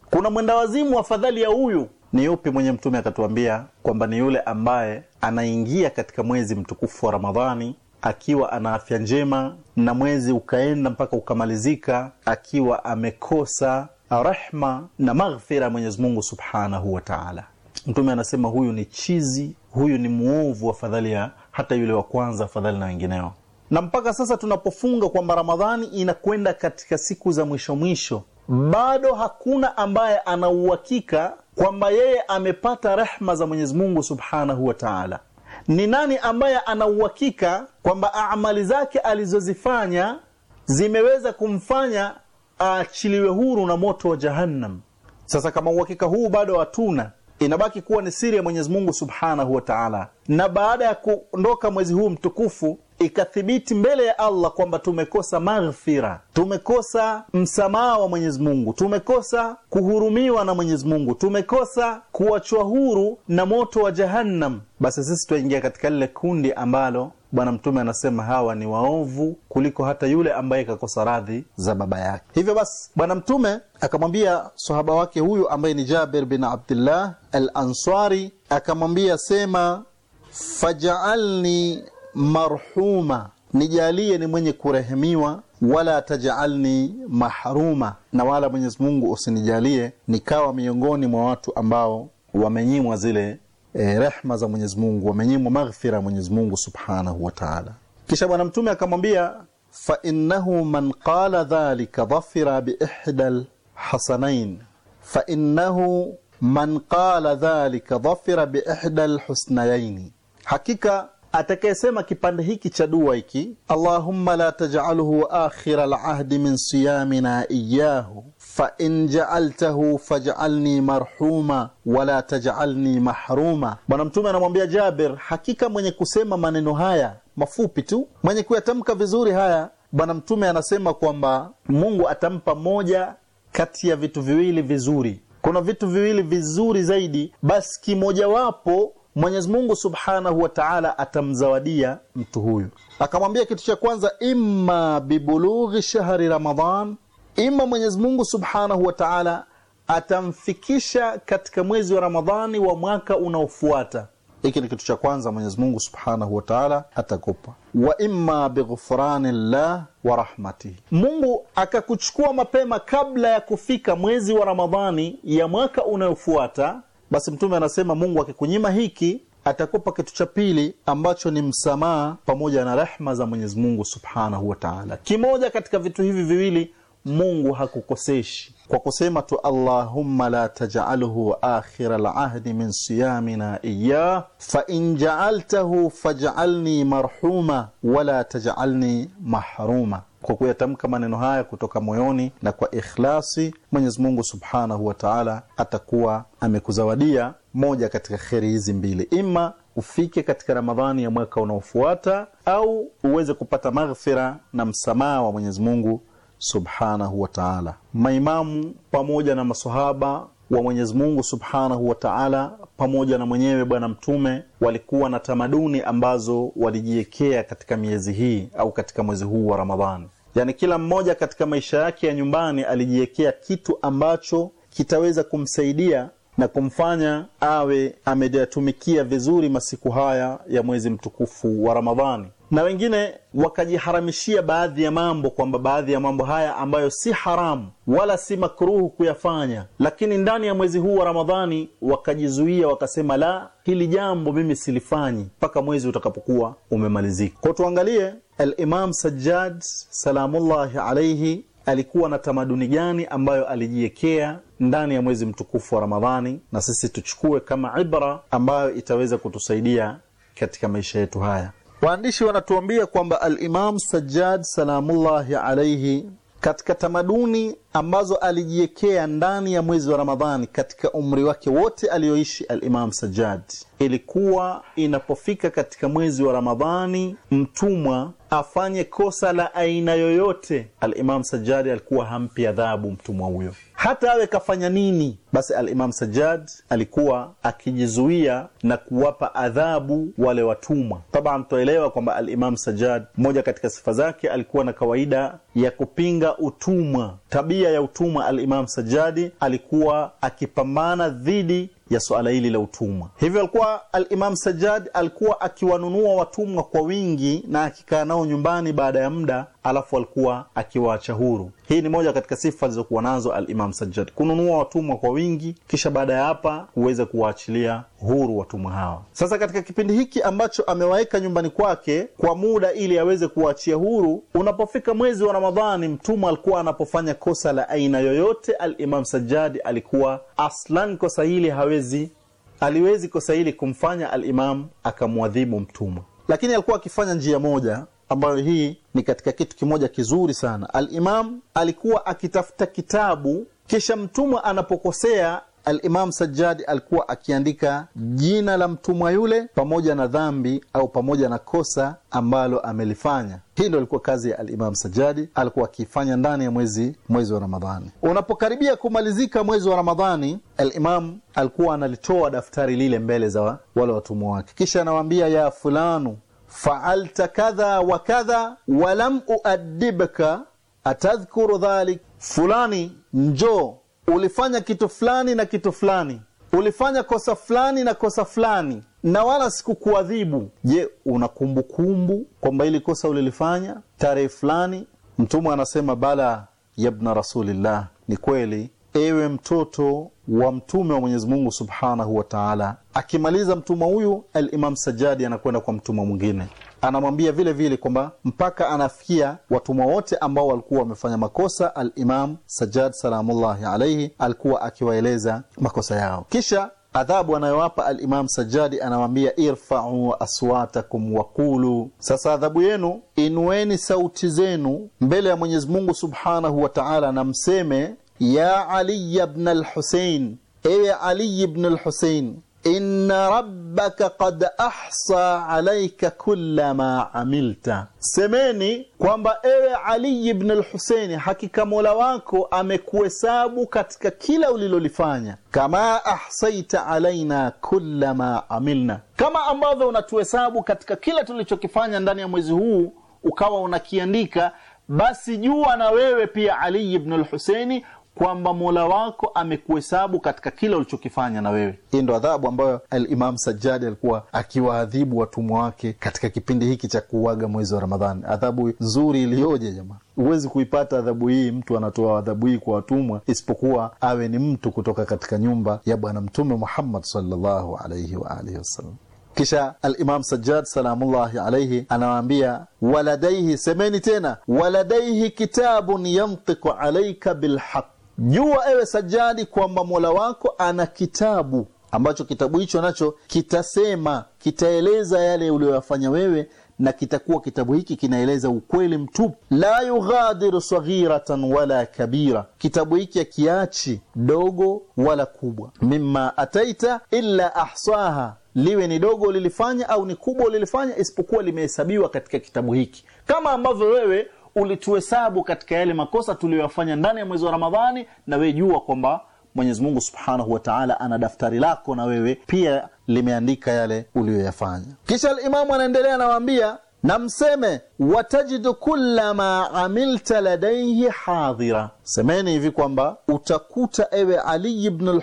kuna mwendawazimu afadhali ya huyu ni yupi mwenye mtume akatuambia kwamba ni yule ambaye anaingia katika mwezi mtukufu wa ramadhani akiwa ana afya njema na mwezi ukaenda mpaka ukamalizika akiwa amekosa rehma na maghfira ya mwenyezi mungu subhanahu wa taala mtume anasema huyu ni chizi huyu ni mwovu fadhali ya hata yule wa kwanza afadhali na wengineo na mpaka sasa tunapofunga kwamba ramadhani inakwenda katika siku za mwisho mwisho bado hakuna ambaye ana uhakika kwamba yeye amepata rehma za Mwenyezi Mungu Subhanahu wa Ta'ala. Ni nani ambaye ana uhakika kwamba amali zake alizozifanya zimeweza kumfanya aachiliwe huru na moto wa Jahannam? Sasa kama uhakika huu bado hatuna, inabaki kuwa ni siri ya Mwenyezi Mungu Subhanahu wa Ta'ala. Na baada ya kuondoka mwezi huu mtukufu ikathibiti mbele ya Allah kwamba tumekosa maghfira, tumekosa msamaha wa Mwenyezi Mungu, tumekosa kuhurumiwa na Mwenyezi Mungu, tumekosa kuachwa huru na moto wa Jahannam, basi sisi twaingia katika lile kundi ambalo Bwana Mtume anasema hawa ni waovu kuliko hata yule ambaye kakosa radhi za baba yake. Hivyo basi, Bwana Mtume akamwambia sahaba wake huyu ambaye ni Jabir bin Abdullah al-Ansari, akamwambia sema, faj'alni marhuma, nijalie ni mwenye kurehemiwa, wala tajalni mahruma, na wala Mwenyezi Mungu usinijalie nikawa miongoni mwa watu ambao wamenyimwa zile eh, rehma za Mwenyezi Mungu, wamenyimwa maghfira ya Mwenyezi Mungu subhanahu wa taala. Kisha Bwana Mtume akamwambia fa innahu man qala dhalika dhafira biihda lhasanain fa innahu man qala dhalika dhafira biihda lhusnayaini, hakika atakayesema kipande hiki cha dua hiki, Allahumma la taj'alhu akhira lahdi min siyamina iyyahu fa in ja'altahu faj'alni marhuma wala taj'alni mahruma. Bwana Mtume anamwambia Jabir, hakika mwenye kusema maneno haya mafupi tu, mwenye kuyatamka vizuri haya, Bwana Mtume anasema kwamba Mungu atampa moja kati ya vitu viwili vizuri. Kuna vitu viwili vizuri zaidi, basi kimojawapo Mwenyezi Mungu Subhanahu wa Ta'ala atamzawadia mtu huyu. Akamwambia kitu cha kwanza, imma bibulughi shahri Ramadhan, imma Mwenyezi Mungu Subhanahu wa Ta'ala atamfikisha katika mwezi wa Ramadhani wa mwaka unaofuata. Hiki ni kitu cha kwanza Mwenyezi Mungu Subhanahu wa Ta'ala atakupa. Wa imma bighfrani llah wa rahmatihi, Mungu akakuchukua mapema kabla ya kufika mwezi wa Ramadhani ya mwaka unaofuata basi Mtume anasema Mungu akikunyima hiki atakupa kitu cha pili ambacho ni msamaha pamoja na rehma za Mwenyezi Mungu subhanahu wa taala. Kimoja katika vitu hivi viwili Mungu hakukoseshi kwa kusema tu allahumma la tajalhu akhira lahdi min siyamina iyah fain jaaltahu fajalni marhuma wala tajalni mahruma. Kwa kuyatamka maneno haya kutoka moyoni na kwa ikhlasi, Mwenyezi Mungu subhanahu wa taala atakuwa amekuzawadia moja katika kheri hizi mbili, ima ufike katika Ramadhani ya mwaka unaofuata au uweze kupata maghfira na msamaha wa Mwenyezi Mungu subhanahu wa taala. Maimamu pamoja na masahaba wa Mwenyezi Mungu subhanahu wa taala pamoja na mwenyewe Bwana Mtume walikuwa na tamaduni ambazo walijiwekea katika miezi hii au katika mwezi huu wa Ramadhani. Yaani, kila mmoja katika maisha yake ya nyumbani alijiwekea kitu ambacho kitaweza kumsaidia na kumfanya awe ameyatumikia vizuri masiku haya ya mwezi mtukufu wa Ramadhani na wengine wakajiharamishia baadhi ya mambo, kwamba baadhi ya mambo haya ambayo si haramu wala si makruhu kuyafanya, lakini ndani ya mwezi huu wa Ramadhani wakajizuia, wakasema, la, hili jambo mimi silifanyi mpaka mwezi utakapokuwa umemalizika. Kwa tuangalie Al-Imam Sajjad salamullahi alayhi alikuwa na tamaduni gani ambayo alijiwekea ndani ya mwezi mtukufu wa Ramadhani, na sisi tuchukue kama ibra ambayo itaweza kutusaidia katika maisha yetu haya. Waandishi wanatuambia kwamba Alimam Sajjad salamullahi alaihi, katika tamaduni ambazo alijiwekea ndani ya mwezi wa Ramadhani katika umri wake wote aliyoishi Alimam Sajjad, ilikuwa inapofika katika mwezi wa Ramadhani mtumwa afanye kosa la aina yoyote, Alimam Sajjad alikuwa hampi adhabu mtumwa huyo hata awe kafanya nini basi alimam sajad alikuwa akijizuia na kuwapa adhabu wale watumwa taban tuaelewa kwamba alimam sajad mmoja katika sifa zake alikuwa na kawaida ya kupinga utumwa tabia ya utumwa alimam sajadi alikuwa akipambana dhidi ya suala hili la utumwa. Hivyo alikuwa alimamu imam Sajjad alikuwa akiwanunua watumwa kwa wingi na akikaa nao nyumbani baada ya muda alafu alikuwa akiwaacha huru. Hii ni moja katika sifa alizokuwa nazo Alimam Sajjad, kununua watumwa kwa wingi, kisha baada ya hapa kuweza kuwaachilia huru watumwa hawa. Sasa katika kipindi hiki ambacho amewaweka nyumbani kwake kwa muda ili aweze kuwaachia huru, unapofika mwezi wa Ramadhani, mtumwa alikuwa anapofanya kosa la aina yoyote, Alimam Sajjad alikuwa aslan kosa hili hawezi aliwezi kosa hili kumfanya Alimam akamwadhibu mtumwa, lakini alikuwa akifanya njia moja ambayo hii ni katika kitu kimoja kizuri sana alimam alikuwa akitafuta kitabu kisha mtumwa anapokosea alimam sajadi alikuwa akiandika jina la mtumwa yule pamoja na dhambi au pamoja na kosa ambalo amelifanya hii ndo ilikuwa kazi ya alimam sajadi alikuwa akiifanya ndani ya mwezi mwezi wa ramadhani unapokaribia kumalizika mwezi wa ramadhani alimam alikuwa analitoa daftari lile mbele za wale watumwa wake kisha anawaambia ya fulanu faalta kadha wa kadha walam uaddibka atadhkuru dhalik, fulani njoo, ulifanya kitu fulani na kitu fulani, ulifanya kosa fulani na kosa fulani, na wala sikukuadhibu. Je, una kumbukumbu kwamba ili kosa ulilifanya tarehe fulani? Mtume anasema bala yabna rasulillah, ni kweli ewe mtoto wa mtume wa Mwenyezi Mungu Subhanahu wa Ta'ala. Akimaliza mtumwa huyu, al-Imam Sajjadi anakwenda kwa mtumwa mwingine, anamwambia vile vile kwamba mpaka anafikia watumwa wote ambao walikuwa wamefanya makosa. Al-Imam Sajjad salamullahi alayhi alikuwa akiwaeleza makosa yao, kisha adhabu anayowapa al-Imam Sajjadi anawaambia, irfa'u aswatakum wa qulu, sasa adhabu yenu, inueni sauti zenu mbele ya Mwenyezi Mungu Subhanahu wa Ta'ala na mseme ya Ali ibn al-Husayn, ewe Ali ibn al-Husayn, inna rabbaka qad ahsa alaika kulla ma amilta, semeni kwamba ewe Ali ibn al-Husayn, hakika Mola wako amekuhesabu katika kila ulilolifanya. Kama ahsaita alaina kulla ma amilna, kama ambavyo unatuhesabu katika kila tulichokifanya ndani ya mwezi huu ukawa unakiandika basi jua na wewe pia Ali ibn al-Husaini kwamba mola wako amekuhesabu katika kila ulichokifanya na wewe. Hii ndo adhabu ambayo Alimam sajadi alikuwa akiwaadhibu watumwa wake katika kipindi hiki cha kuuaga mwezi wa Ramadhani. Adhabu nzuri iliyoje jamaa! Huwezi kuipata adhabu hii, mtu anatoa adhabu hii kwa watumwa isipokuwa awe ni mtu kutoka katika nyumba ya Bwana Mtume Muhammad sallallahu alaihi wasallam. Kisha Alimam Sajjad salamullahi alaihi anawaambia waladaihi, semeni tena, waladaihi kitabun yantiku alaika bilhaq jua ewe Sajadi kwamba Mola wako ana kitabu ambacho kitabu hicho nacho kitasema, kitaeleza yale uliyoyafanya wewe, na kitakuwa kitabu hiki kinaeleza ukweli mtupu. La yughadiru saghiratan wala kabira, kitabu hiki akiachi dogo wala kubwa. Mimma ataita illa ahsaha, liwe ni dogo ulilifanya au ni kubwa ulilifanya, isipokuwa limehesabiwa katika kitabu hiki, kama ambavyo wewe ulituhesabu katika yale makosa tuliyoyafanya ndani ya mwezi wa Ramadhani, na wewe jua kwamba Mwenyezi Mungu Subhanahu wa Ta'ala ana daftari lako na wewe pia limeandika yale uliyoyafanya. Kisha al anaendelea anawaambia, na mseme watajidu kulla ma amilta ladaihi hadhira, semeni hivi kwamba utakuta ewe Ali ibn al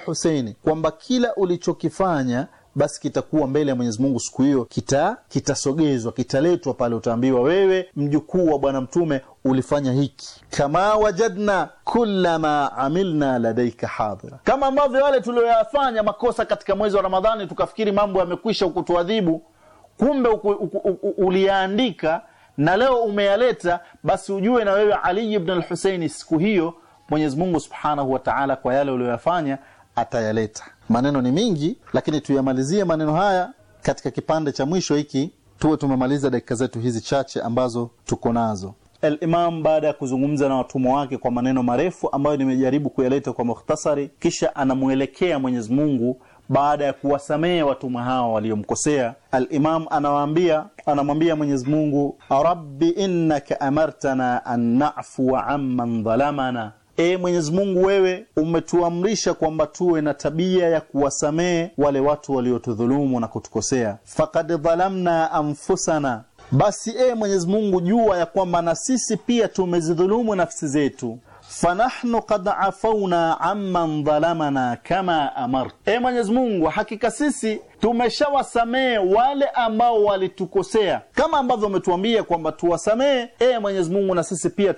kwamba kila ulichokifanya basi kitakuwa mbele ya Mwenyezi Mungu siku hiyo, kita kitasogezwa, kitaletwa pale, utaambiwa wewe mjukuu wa Bwana Mtume ulifanya hiki, kama wajadna kula ma amilna ladaika hadhira, kama ambavyo wale tulioyafanya makosa katika mwezi wa Ramadhani tukafikiri mambo yamekwisha ukutuadhibu, kumbe uliyaandika na leo umeyaleta, basi ujue na wewe aliyi ibn siku hiyo Mwenyezi Mungu subhanahu wataala kwa yale ulioyafanya atayaleta. Maneno ni mingi, lakini tuyamalizie maneno haya katika kipande cha mwisho hiki, tuwe tumemaliza dakika zetu hizi chache ambazo tuko nazo. Alimam baada ya kuzungumza na watumwa wake kwa maneno marefu ambayo nimejaribu kuyaleta kwa mukhtasari, kisha anamwelekea Mwenyezi Mungu baada ya kuwasamehe watumwa hao waliomkosea. Alimam anawaambia, anamwambia Mwenyezi Mungu, rabbi innaka amartana an na'fuwa amman dhalamana e Mwenyezi Mungu, wewe umetuamrisha kwamba tuwe na tabia ya kuwasamehe wale watu waliotudhulumu na kutukosea. Fakad dhalamna anfusana, basi e Mwenyezi Mungu, jua ya kwamba na sisi pia tumezidhulumu nafsi zetu. Fanahnu kad afauna amman dhalamana kama amart, e Mwenyezi Mungu, hakika sisi tumeshawasamehe wale ambao walitukosea, kama ambavyo umetuambia kwamba tuwasamehe, ee Mwenyezi Mungu, na sisi pia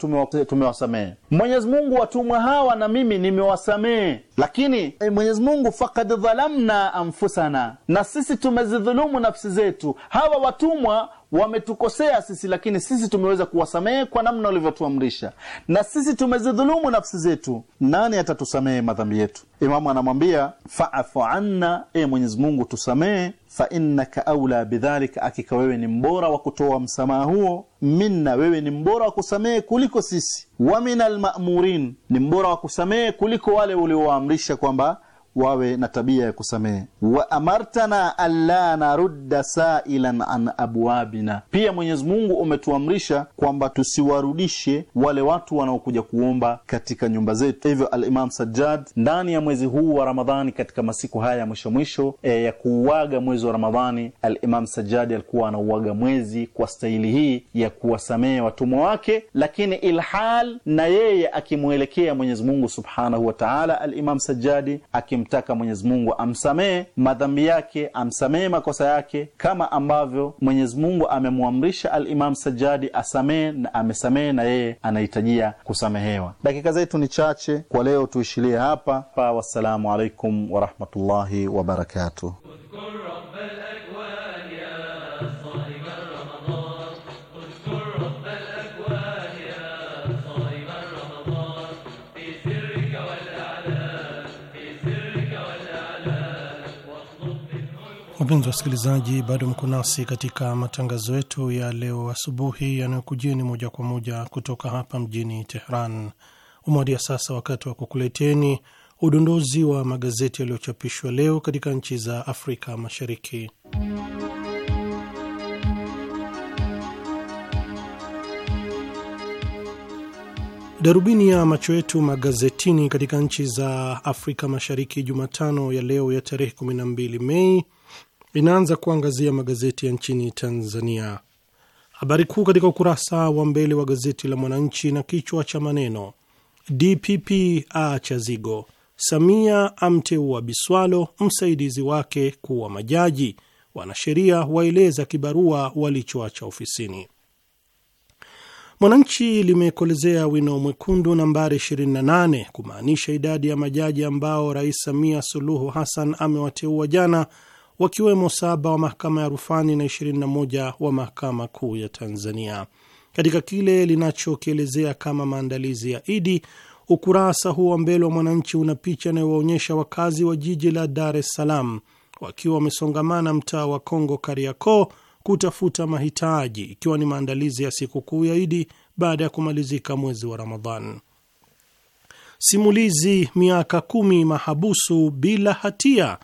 tumewasamehe. Mwenyezi Mungu, watumwa hawa na mimi nimewasamehe, lakini e Mwenyezi Mungu, fakad dhalamna anfusana, na sisi tumezidhulumu nafsi zetu. Hawa watumwa wametukosea sisi, lakini sisi tumeweza kuwasamehe kwa namna walivyotuamrisha, na sisi tumezidhulumu nafsi zetu, nani atatusamehe madhambi yetu? Imamu anamwambia faafu anna, e Mwenyezi Mungu tusamehe, fa innaka aula bidhalika, akika wewe ni mbora wa kutoa msamaha huo, minna, wewe ni mbora wa kusamehe kuliko sisi, wa min almamurin, ni mbora wa kusamehe kuliko wale uliowaamrisha kwamba wawe na tabia ya kusamehe. Wa amartana alla narudda sailan an abwabina, pia Mwenyezi Mungu umetuamrisha kwamba tusiwarudishe wale watu wanaokuja kuomba katika nyumba zetu. Hivyo Alimam Sajjad ndani ya mwezi huu wa Ramadhani, katika masiku haya ya mwisho mwisho e, ya kuuaga mwezi wa Ramadhani, Alimam Sajjad alikuwa anauaga mwezi kwa staili hii ya kuwasamehe watumwa wake, lakini ilhal na yeye akimwelekea Mwenyezi Mungu subhanahu wa taala, Alimam Sajjadi akim kumtaka Mwenyezi Mungu amsamehe madhambi yake, amsamehe makosa yake, kama ambavyo Mwenyezi Mungu amemwamrisha alimamu sajadi asamehe na amesamehe, na yeye anahitajia kusamehewa. Dakika zetu ni chache kwa leo, tuishilie hapa pa. Wassalamu alaikum warahmatullahi wabarakatuh. Wapenzi wasikilizaji, bado mko nasi katika matangazo yetu ya leo asubuhi yanayokujieni moja kwa moja kutoka hapa mjini Tehran. Umewadia sasa wakati wa kukuleteni udondozi wa magazeti yaliyochapishwa leo katika nchi za Afrika Mashariki. Darubini ya macho yetu magazetini katika nchi za Afrika Mashariki Jumatano ya leo ya tarehe 12 Mei Inaanza kuangazia magazeti ya nchini Tanzania. Habari kuu katika ukurasa wa mbele wa gazeti la Mwananchi na kichwa cha maneno DPP acha zigo, Samia amteua Biswalo msaidizi wake kuwa majaji, wanasheria waeleza kibarua walichoacha ofisini. Mwananchi limekolezea wino mwekundu nambari 28 kumaanisha idadi ya majaji ambao Rais Samia Suluhu Hassan amewateua jana wakiwemo saba wa mahakama ya rufani na 21 wa mahakama kuu ya Tanzania. Katika kile linachokielezea kama maandalizi ya Idi, ukurasa huo wa mbele wa Mwananchi una picha inayowaonyesha wakazi wa jiji la Dar es Salaam wakiwa wamesongamana mtaa wa Kongo Kariakoo kutafuta mahitaji, ikiwa ni maandalizi ya sikukuu ya Idi baada ya kumalizika mwezi wa Ramadhan. Simulizi miaka kumi mahabusu bila hatia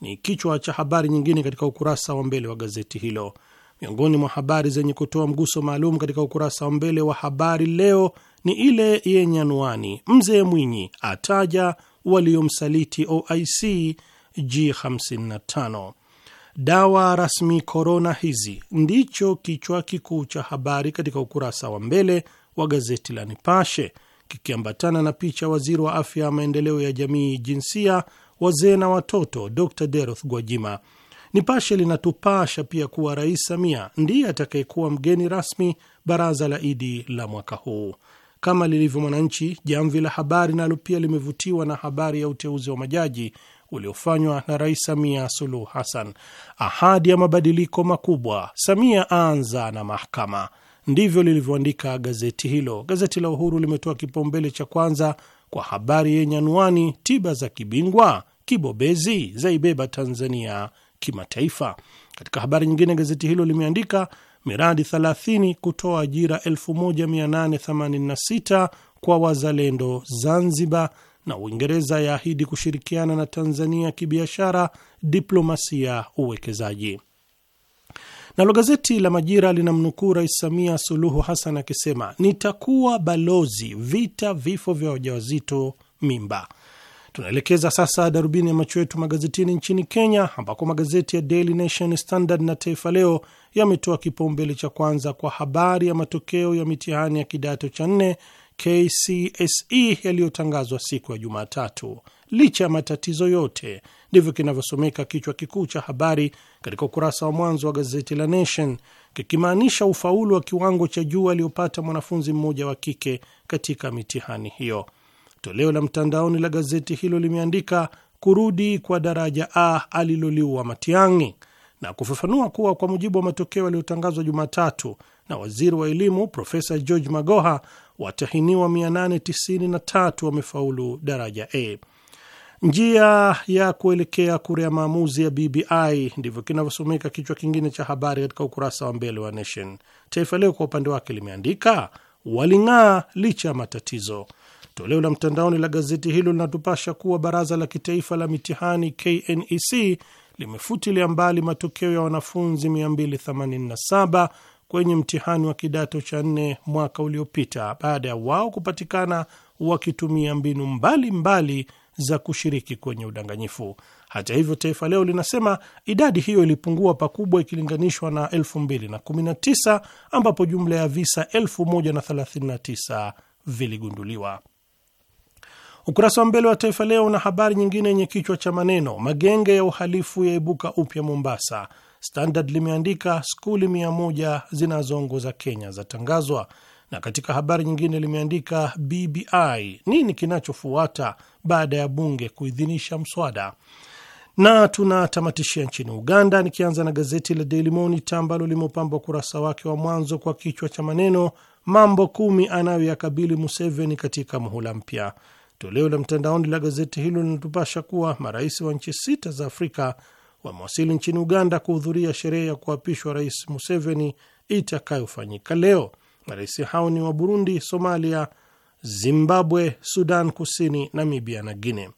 ni kichwa cha habari nyingine katika ukurasa wa mbele wa gazeti hilo. Miongoni mwa habari zenye kutoa mguso maalum katika ukurasa wa mbele wa Habari Leo ni ile yenye anwani Mzee Mwinyi ataja waliomsaliti OIC G55. Dawa rasmi korona hizi, ndicho kichwa kikuu cha habari katika ukurasa wa mbele wa gazeti la Nipashe, kikiambatana na picha waziri wa afya, maendeleo ya jamii, jinsia wazee na watoto, Dr Deroth Gwajima. Nipashe linatupasha pia kuwa Rais Samia ndiye atakayekuwa mgeni rasmi baraza la Idi la mwaka huu. Kama lilivyo Mwananchi, Jamvi la Habari nalo pia limevutiwa na habari ya uteuzi wa majaji uliofanywa na Rais Samia Suluhu Hassan. Ahadi ya mabadiliko makubwa, Samia anza na mahakama, ndivyo lilivyoandika gazeti hilo. Gazeti la Uhuru limetoa kipaumbele cha kwanza kwa habari yenye anwani tiba za kibingwa kibobezi zaibeba Tanzania kimataifa. Katika habari nyingine, gazeti hilo limeandika miradi 30 kutoa ajira 1886 kwa wazalendo Zanzibar, na Uingereza yaahidi kushirikiana na Tanzania kibiashara, diplomasia, uwekezaji. Nalo gazeti la Majira linamnukuu Rais Samia Suluhu Hassan akisema nitakuwa balozi vita vifo vya wajawazito mimba. Tunaelekeza sasa darubini ya macho yetu magazetini nchini Kenya, ambako magazeti ya Daily Nation, Standard na Taifa Leo yametoa kipaumbele cha kwanza kwa habari ya matokeo ya mitihani ya kidato cha nne KCSE yaliyotangazwa siku ya Jumatatu licha ya matatizo yote. Ndivyo kinavyosomeka kichwa kikuu cha habari katika ukurasa wa mwanzo wa gazeti la Nation, kikimaanisha ufaulu wa kiwango cha juu aliyopata mwanafunzi mmoja wa kike katika mitihani hiyo. Toleo la mtandaoni la gazeti hilo limeandika kurudi kwa daraja A aliloliwa Matiang'i na kufafanua kuwa kwa mujibu wa matokeo yaliyotangazwa Jumatatu na waziri wa elimu Profesa George Magoha, watahiniwa 893 wamefaulu daraja A njia ya kuelekea kura ya maamuzi ya BBI, ndivyo kinavyosomeka kichwa kingine cha habari katika ukurasa wa mbele wa Nation. Taifa Leo kwa upande wake limeandika waling'aa licha ya matatizo. Toleo la mtandaoni la gazeti hilo linatupasha kuwa baraza la kitaifa la mitihani KNEC limefutilia mbali matokeo ya wanafunzi 287 kwenye mtihani wa kidato cha nne mwaka uliopita baada ya wao kupatikana wakitumia mbinu mbalimbali mbali za kushiriki kwenye udanganyifu. Hata hivyo, Taifa Leo linasema idadi hiyo ilipungua pakubwa ikilinganishwa na 2019 ambapo jumla ya visa 1039 viligunduliwa. Ukurasa wa mbele wa Taifa Leo una habari nyingine yenye kichwa cha maneno magenge ya uhalifu yaibuka upya Mombasa. Standard limeandika skuli mia moja zinazoongoza Kenya zatangazwa, na katika habari nyingine limeandika BBI nini kinachofuata baada ya bunge kuidhinisha mswada. Na tunatamatishia nchini Uganda, nikianza na gazeti la Daily Monitor ambalo limepamba ukurasa wake wa mwanzo kwa kichwa cha maneno mambo kumi anayoyakabili Museveni katika muhula mpya. Toleo la mtandaoni la gazeti hilo linatupasha kuwa marais wa nchi sita za Afrika wamewasili nchini Uganda kuhudhuria sherehe ya kuapishwa Rais Museveni itakayofanyika leo. Marais hao ni wa Burundi, Somalia, Zimbabwe, Sudan Kusini, Namibia na guine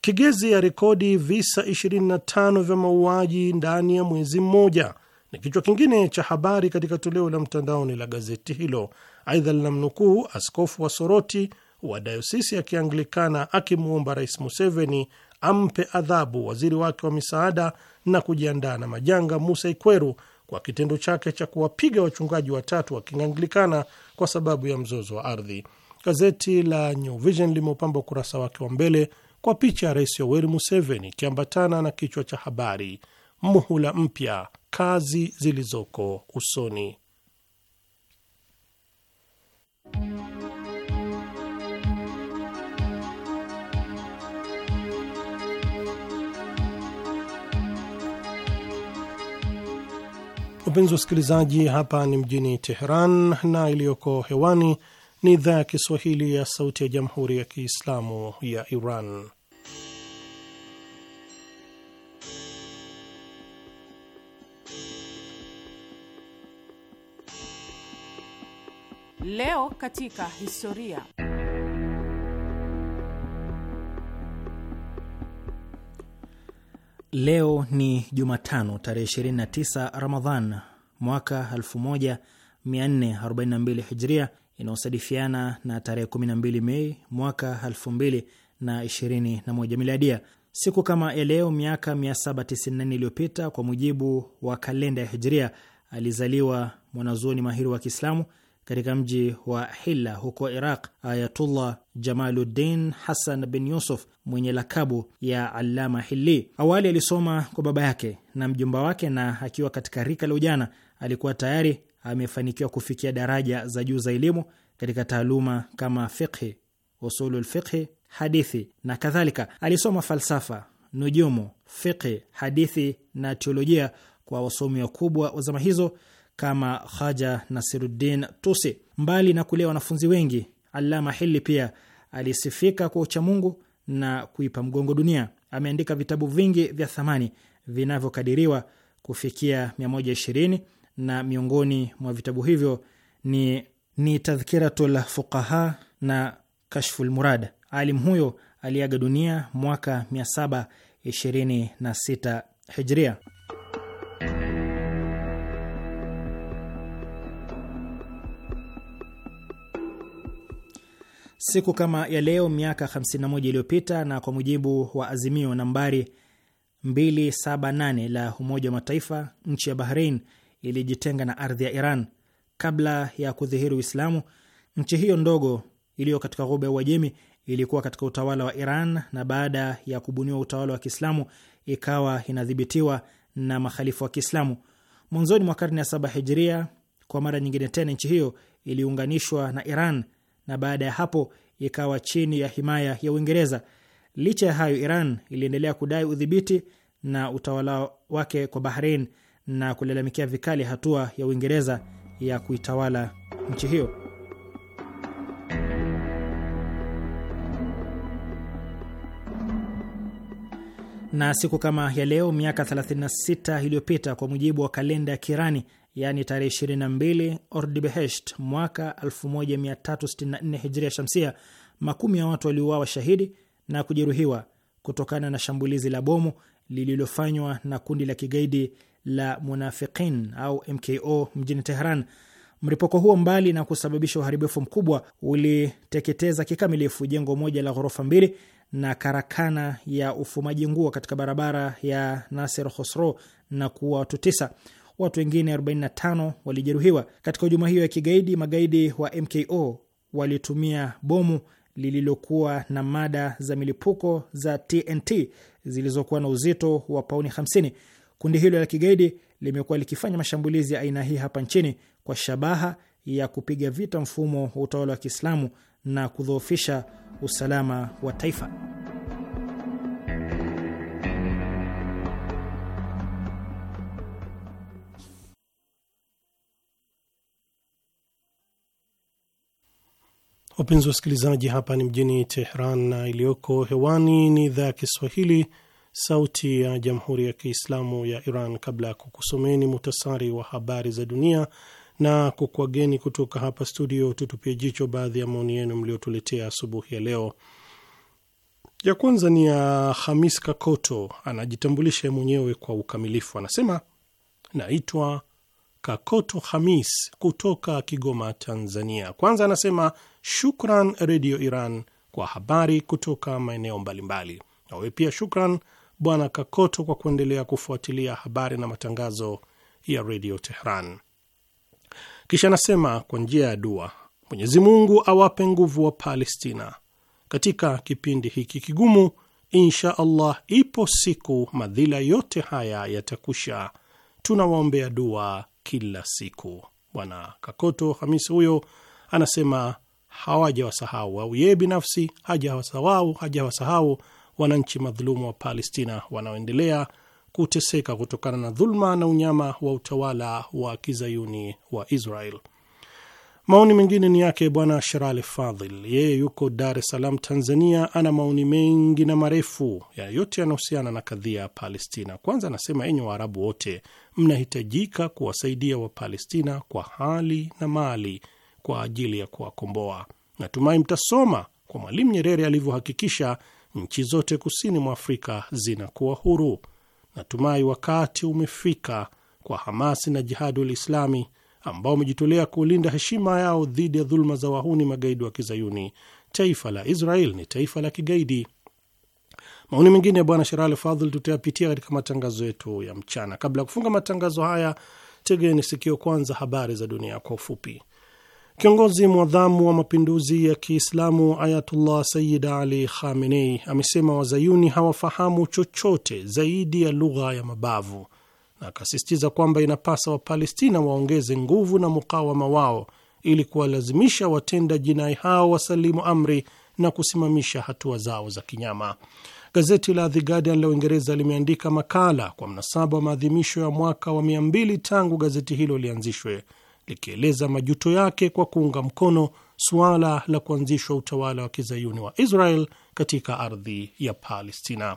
Kigezi ya rekodi visa 25 vya mauaji ndani ya mwezi mmoja ni kichwa kingine cha habari katika toleo la mtandaoni la gazeti hilo. Aidha, linamnukuu askofu wa Soroti wa dayosisi ya Kianglikana akimwomba Rais Museveni ampe adhabu waziri wake wa misaada na kujiandaa na majanga Musa Ikweru kwa kitendo chake cha kuwapiga wachungaji watatu wa Kianglikana kwa sababu ya mzozo wa ardhi. Gazeti la New Vision limeupamba ukurasa wake wa mbele kwa picha ya Rais Yoweri Museveni ikiambatana na kichwa cha habari, muhula mpya, kazi zilizoko usoni. Wapenzi usikilizaji, hapa ni mjini Teheran na iliyoko hewani ni idhaa ya Kiswahili ya Sauti ya Jamhuri ya Kiislamu ya Iran. Leo katika historia. Leo ni Jumatano tarehe 29 Ramadhan mwaka 1400 442 hijria inayosadifiana na tarehe 12 Mei mwaka 2021 miladia. Siku kama ya leo miaka 794 iliyopita kwa mujibu wa kalenda ya hijria, alizaliwa mwanazuoni mahiri wa Kiislamu katika mji wa Hilla huko Iraq, Ayatullah Jamaluddin Hassan bin Yusuf mwenye lakabu ya Allama Hilli. Awali alisoma kwa baba yake na mjomba wake, na akiwa katika rika la ujana alikuwa tayari amefanikiwa kufikia daraja za juu za elimu katika taaluma kama fiqhi, usulul fiqhi, hadithi na kadhalika. Alisoma falsafa, nujumu, fiqhi, hadithi na teolojia kwa wasomi wakubwa wa zama hizo kama Khaja Nasiruddin Tusi. Mbali na kulea wanafunzi wengi, Allama Hili pia alisifika kwa uchamungu na kuipa mgongo dunia. Ameandika vitabu vingi vya thamani vinavyokadiriwa kufikia 120 na miongoni mwa vitabu hivyo ni, ni Tadhkiratul Fuqaha na Kashful Murad. Alim huyo aliaga dunia mwaka 726 Hijria. Siku kama ya leo miaka 51 iliyopita, na kwa mujibu wa azimio nambari 278 la Umoja wa Mataifa, nchi ya bahrein ilijitenga na ardhi ya Iran. Kabla ya kudhihiri Uislamu, nchi hiyo ndogo iliyo katika ghuba ya Uajemi ilikuwa katika utawala wa Iran, na baada ya kubuniwa utawala wa Kiislamu ikawa inadhibitiwa na makhalifu wa Kiislamu. Mwanzoni mwa karne ya saba Hijria, kwa mara nyingine tena nchi hiyo iliunganishwa na Iran na baada ya hapo ikawa chini ya himaya ya Uingereza. Licha ya hayo, Iran iliendelea kudai udhibiti na utawala wake kwa Bahrein na kulalamikia vikali hatua ya Uingereza ya kuitawala nchi hiyo. Na siku kama ya leo miaka 36 iliyopita kwa mujibu wa kalenda ya Kirani, yaani tarehe 22 Ordibehesht mwaka 1364 Hijria Shamsia, makumi ya watu waliuawa shahidi na kujeruhiwa kutokana na shambulizi la bomu lililofanywa na kundi la kigaidi la Munafiqin au MKO mjini teheran Mripuko huo mbali na kusababisha uharibifu mkubwa, uliteketeza kikamilifu jengo moja la ghorofa mbili na karakana ya ufumaji nguo katika barabara ya Nasir Khosro na kuua watu tisa. Watu wengine 45 walijeruhiwa katika hujuma hiyo ya kigaidi. Magaidi wa MKO walitumia bomu lililokuwa na mada za milipuko za TNT zilizokuwa na uzito wa pauni 50. Kundi hilo la kigaidi limekuwa likifanya mashambulizi ya aina hii hapa nchini kwa shabaha ya kupiga vita mfumo wa utawala wa Kiislamu na kudhoofisha usalama wa taifa. Wapenzi wasikilizaji, hapa ni mjini Teheran na iliyoko hewani ni idhaa ya Kiswahili sauti ya jamhuri ya Kiislamu ya Iran. Kabla ya kukusomeni muhtasari wa habari za dunia na kukwageni kutoka hapa studio, tutupie jicho baadhi ya maoni yenu mliotuletea asubuhi ya leo. Ya kwanza ni ya Hamis Kakoto, anajitambulisha mwenyewe kwa ukamilifu, anasema naitwa Kakoto Hamis kutoka Kigoma, Tanzania. Kwanza anasema shukran Redio Iran kwa habari kutoka maeneo mbalimbali. Nawe pia shukran Bwana Kakoto kwa kuendelea kufuatilia habari na matangazo ya redio Tehran. Kisha anasema kwa njia ya dua, Mwenyezi Mungu awape nguvu wa Palestina katika kipindi hiki kigumu. Insha Allah, ipo siku madhila yote haya yatakusha. Tunawaombea dua kila siku. Bwana Kakoto hamis huyo anasema hawajawasahau au yeye binafsi hajawasahau hajawasahau wananchi madhulumu wa Palestina wanaoendelea kuteseka kutokana na dhuluma na unyama wa utawala wa kizayuni wa Israel. Maoni mengine ni yake Bwana Sherali Fadhil, yeye yuko Dar es Salaam, Tanzania. Ana maoni mengi na marefu ya yote yanahusiana na kadhia ya Palestina. Kwanza anasema, enyi Waarabu wote mnahitajika kuwasaidia Wapalestina kwa hali na mali kwa ajili ya kuwakomboa. Natumai mtasoma kwa Mwalimu Nyerere alivyohakikisha nchi zote kusini mwa Afrika zinakuwa huru. Natumai wakati umefika kwa Hamasi na Jihadul Islami ambao wamejitolea kulinda heshima yao dhidi ya dhuluma za wahuni magaidi wa Kizayuni. Taifa la Israel ni taifa la kigaidi. Maoni mengine ya Bwana Sherali Fadhl tutayapitia katika matangazo yetu ya mchana. Kabla ya kufunga matangazo haya, tegeni sikio kwanza habari za dunia kwa ufupi. Kiongozi mwadhamu wa mapinduzi ya Kiislamu Ayatullah Sayyid Ali Khamenei amesema wazayuni hawafahamu chochote zaidi ya lugha ya mabavu na akasisitiza kwamba inapasa Wapalestina waongeze nguvu na mukawama wao ili kuwalazimisha watenda jinai hao wasalimu amri na kusimamisha hatua zao za kinyama. Gazeti la The Guardian la Uingereza limeandika makala kwa mnasaba wa maadhimisho ya mwaka wa 200 tangu gazeti hilo lianzishwe likieleza majuto yake kwa kuunga mkono suala la kuanzishwa utawala wa kizayuni wa Israel katika ardhi ya Palestina.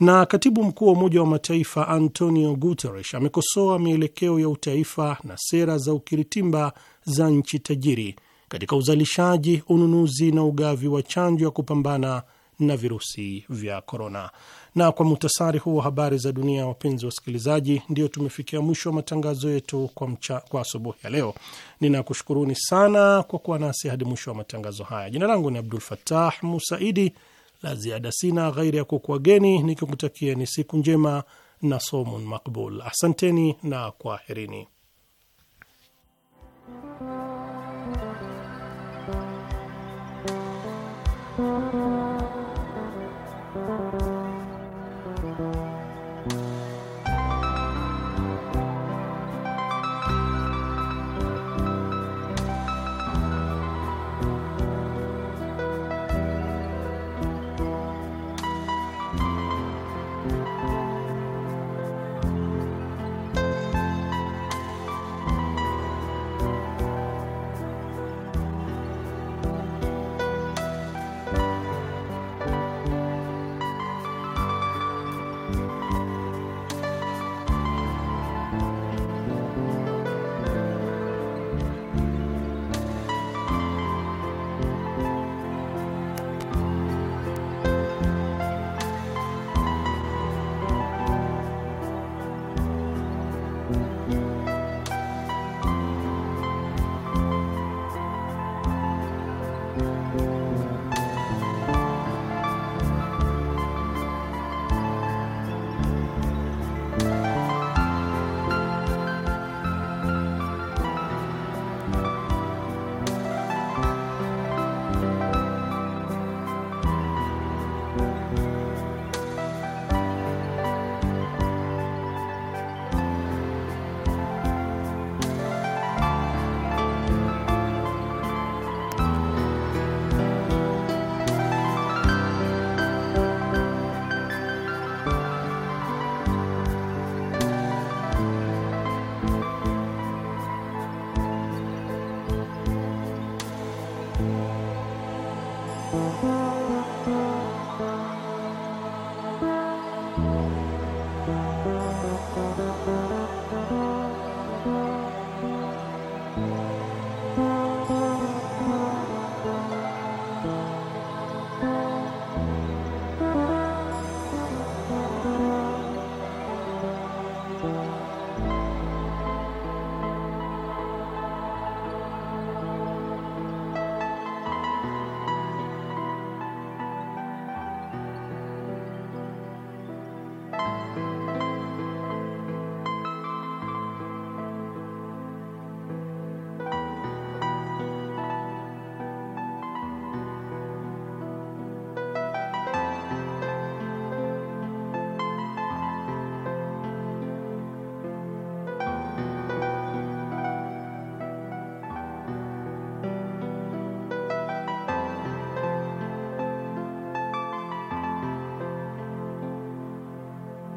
Na katibu mkuu wa Umoja wa Mataifa Antonio Guterres amekosoa mielekeo ya utaifa na sera za ukiritimba za nchi tajiri katika uzalishaji, ununuzi na ugavi wa chanjo ya kupambana na virusi vya korona. Na kwa muhtasari huu wa habari za dunia, wapenzi wasikilizaji, ndio tumefikia mwisho wa matangazo yetu kwa mcha, kwa asubuhi ya leo. Ninakushukuruni sana kwa kuwa nasi hadi mwisho wa matangazo haya. Jina langu ni Abdul fatah Musaidi. La ziada sina ghairi ya kukuageni nikikutakia ni siku njema na somun makbul. Asanteni na kwaherini.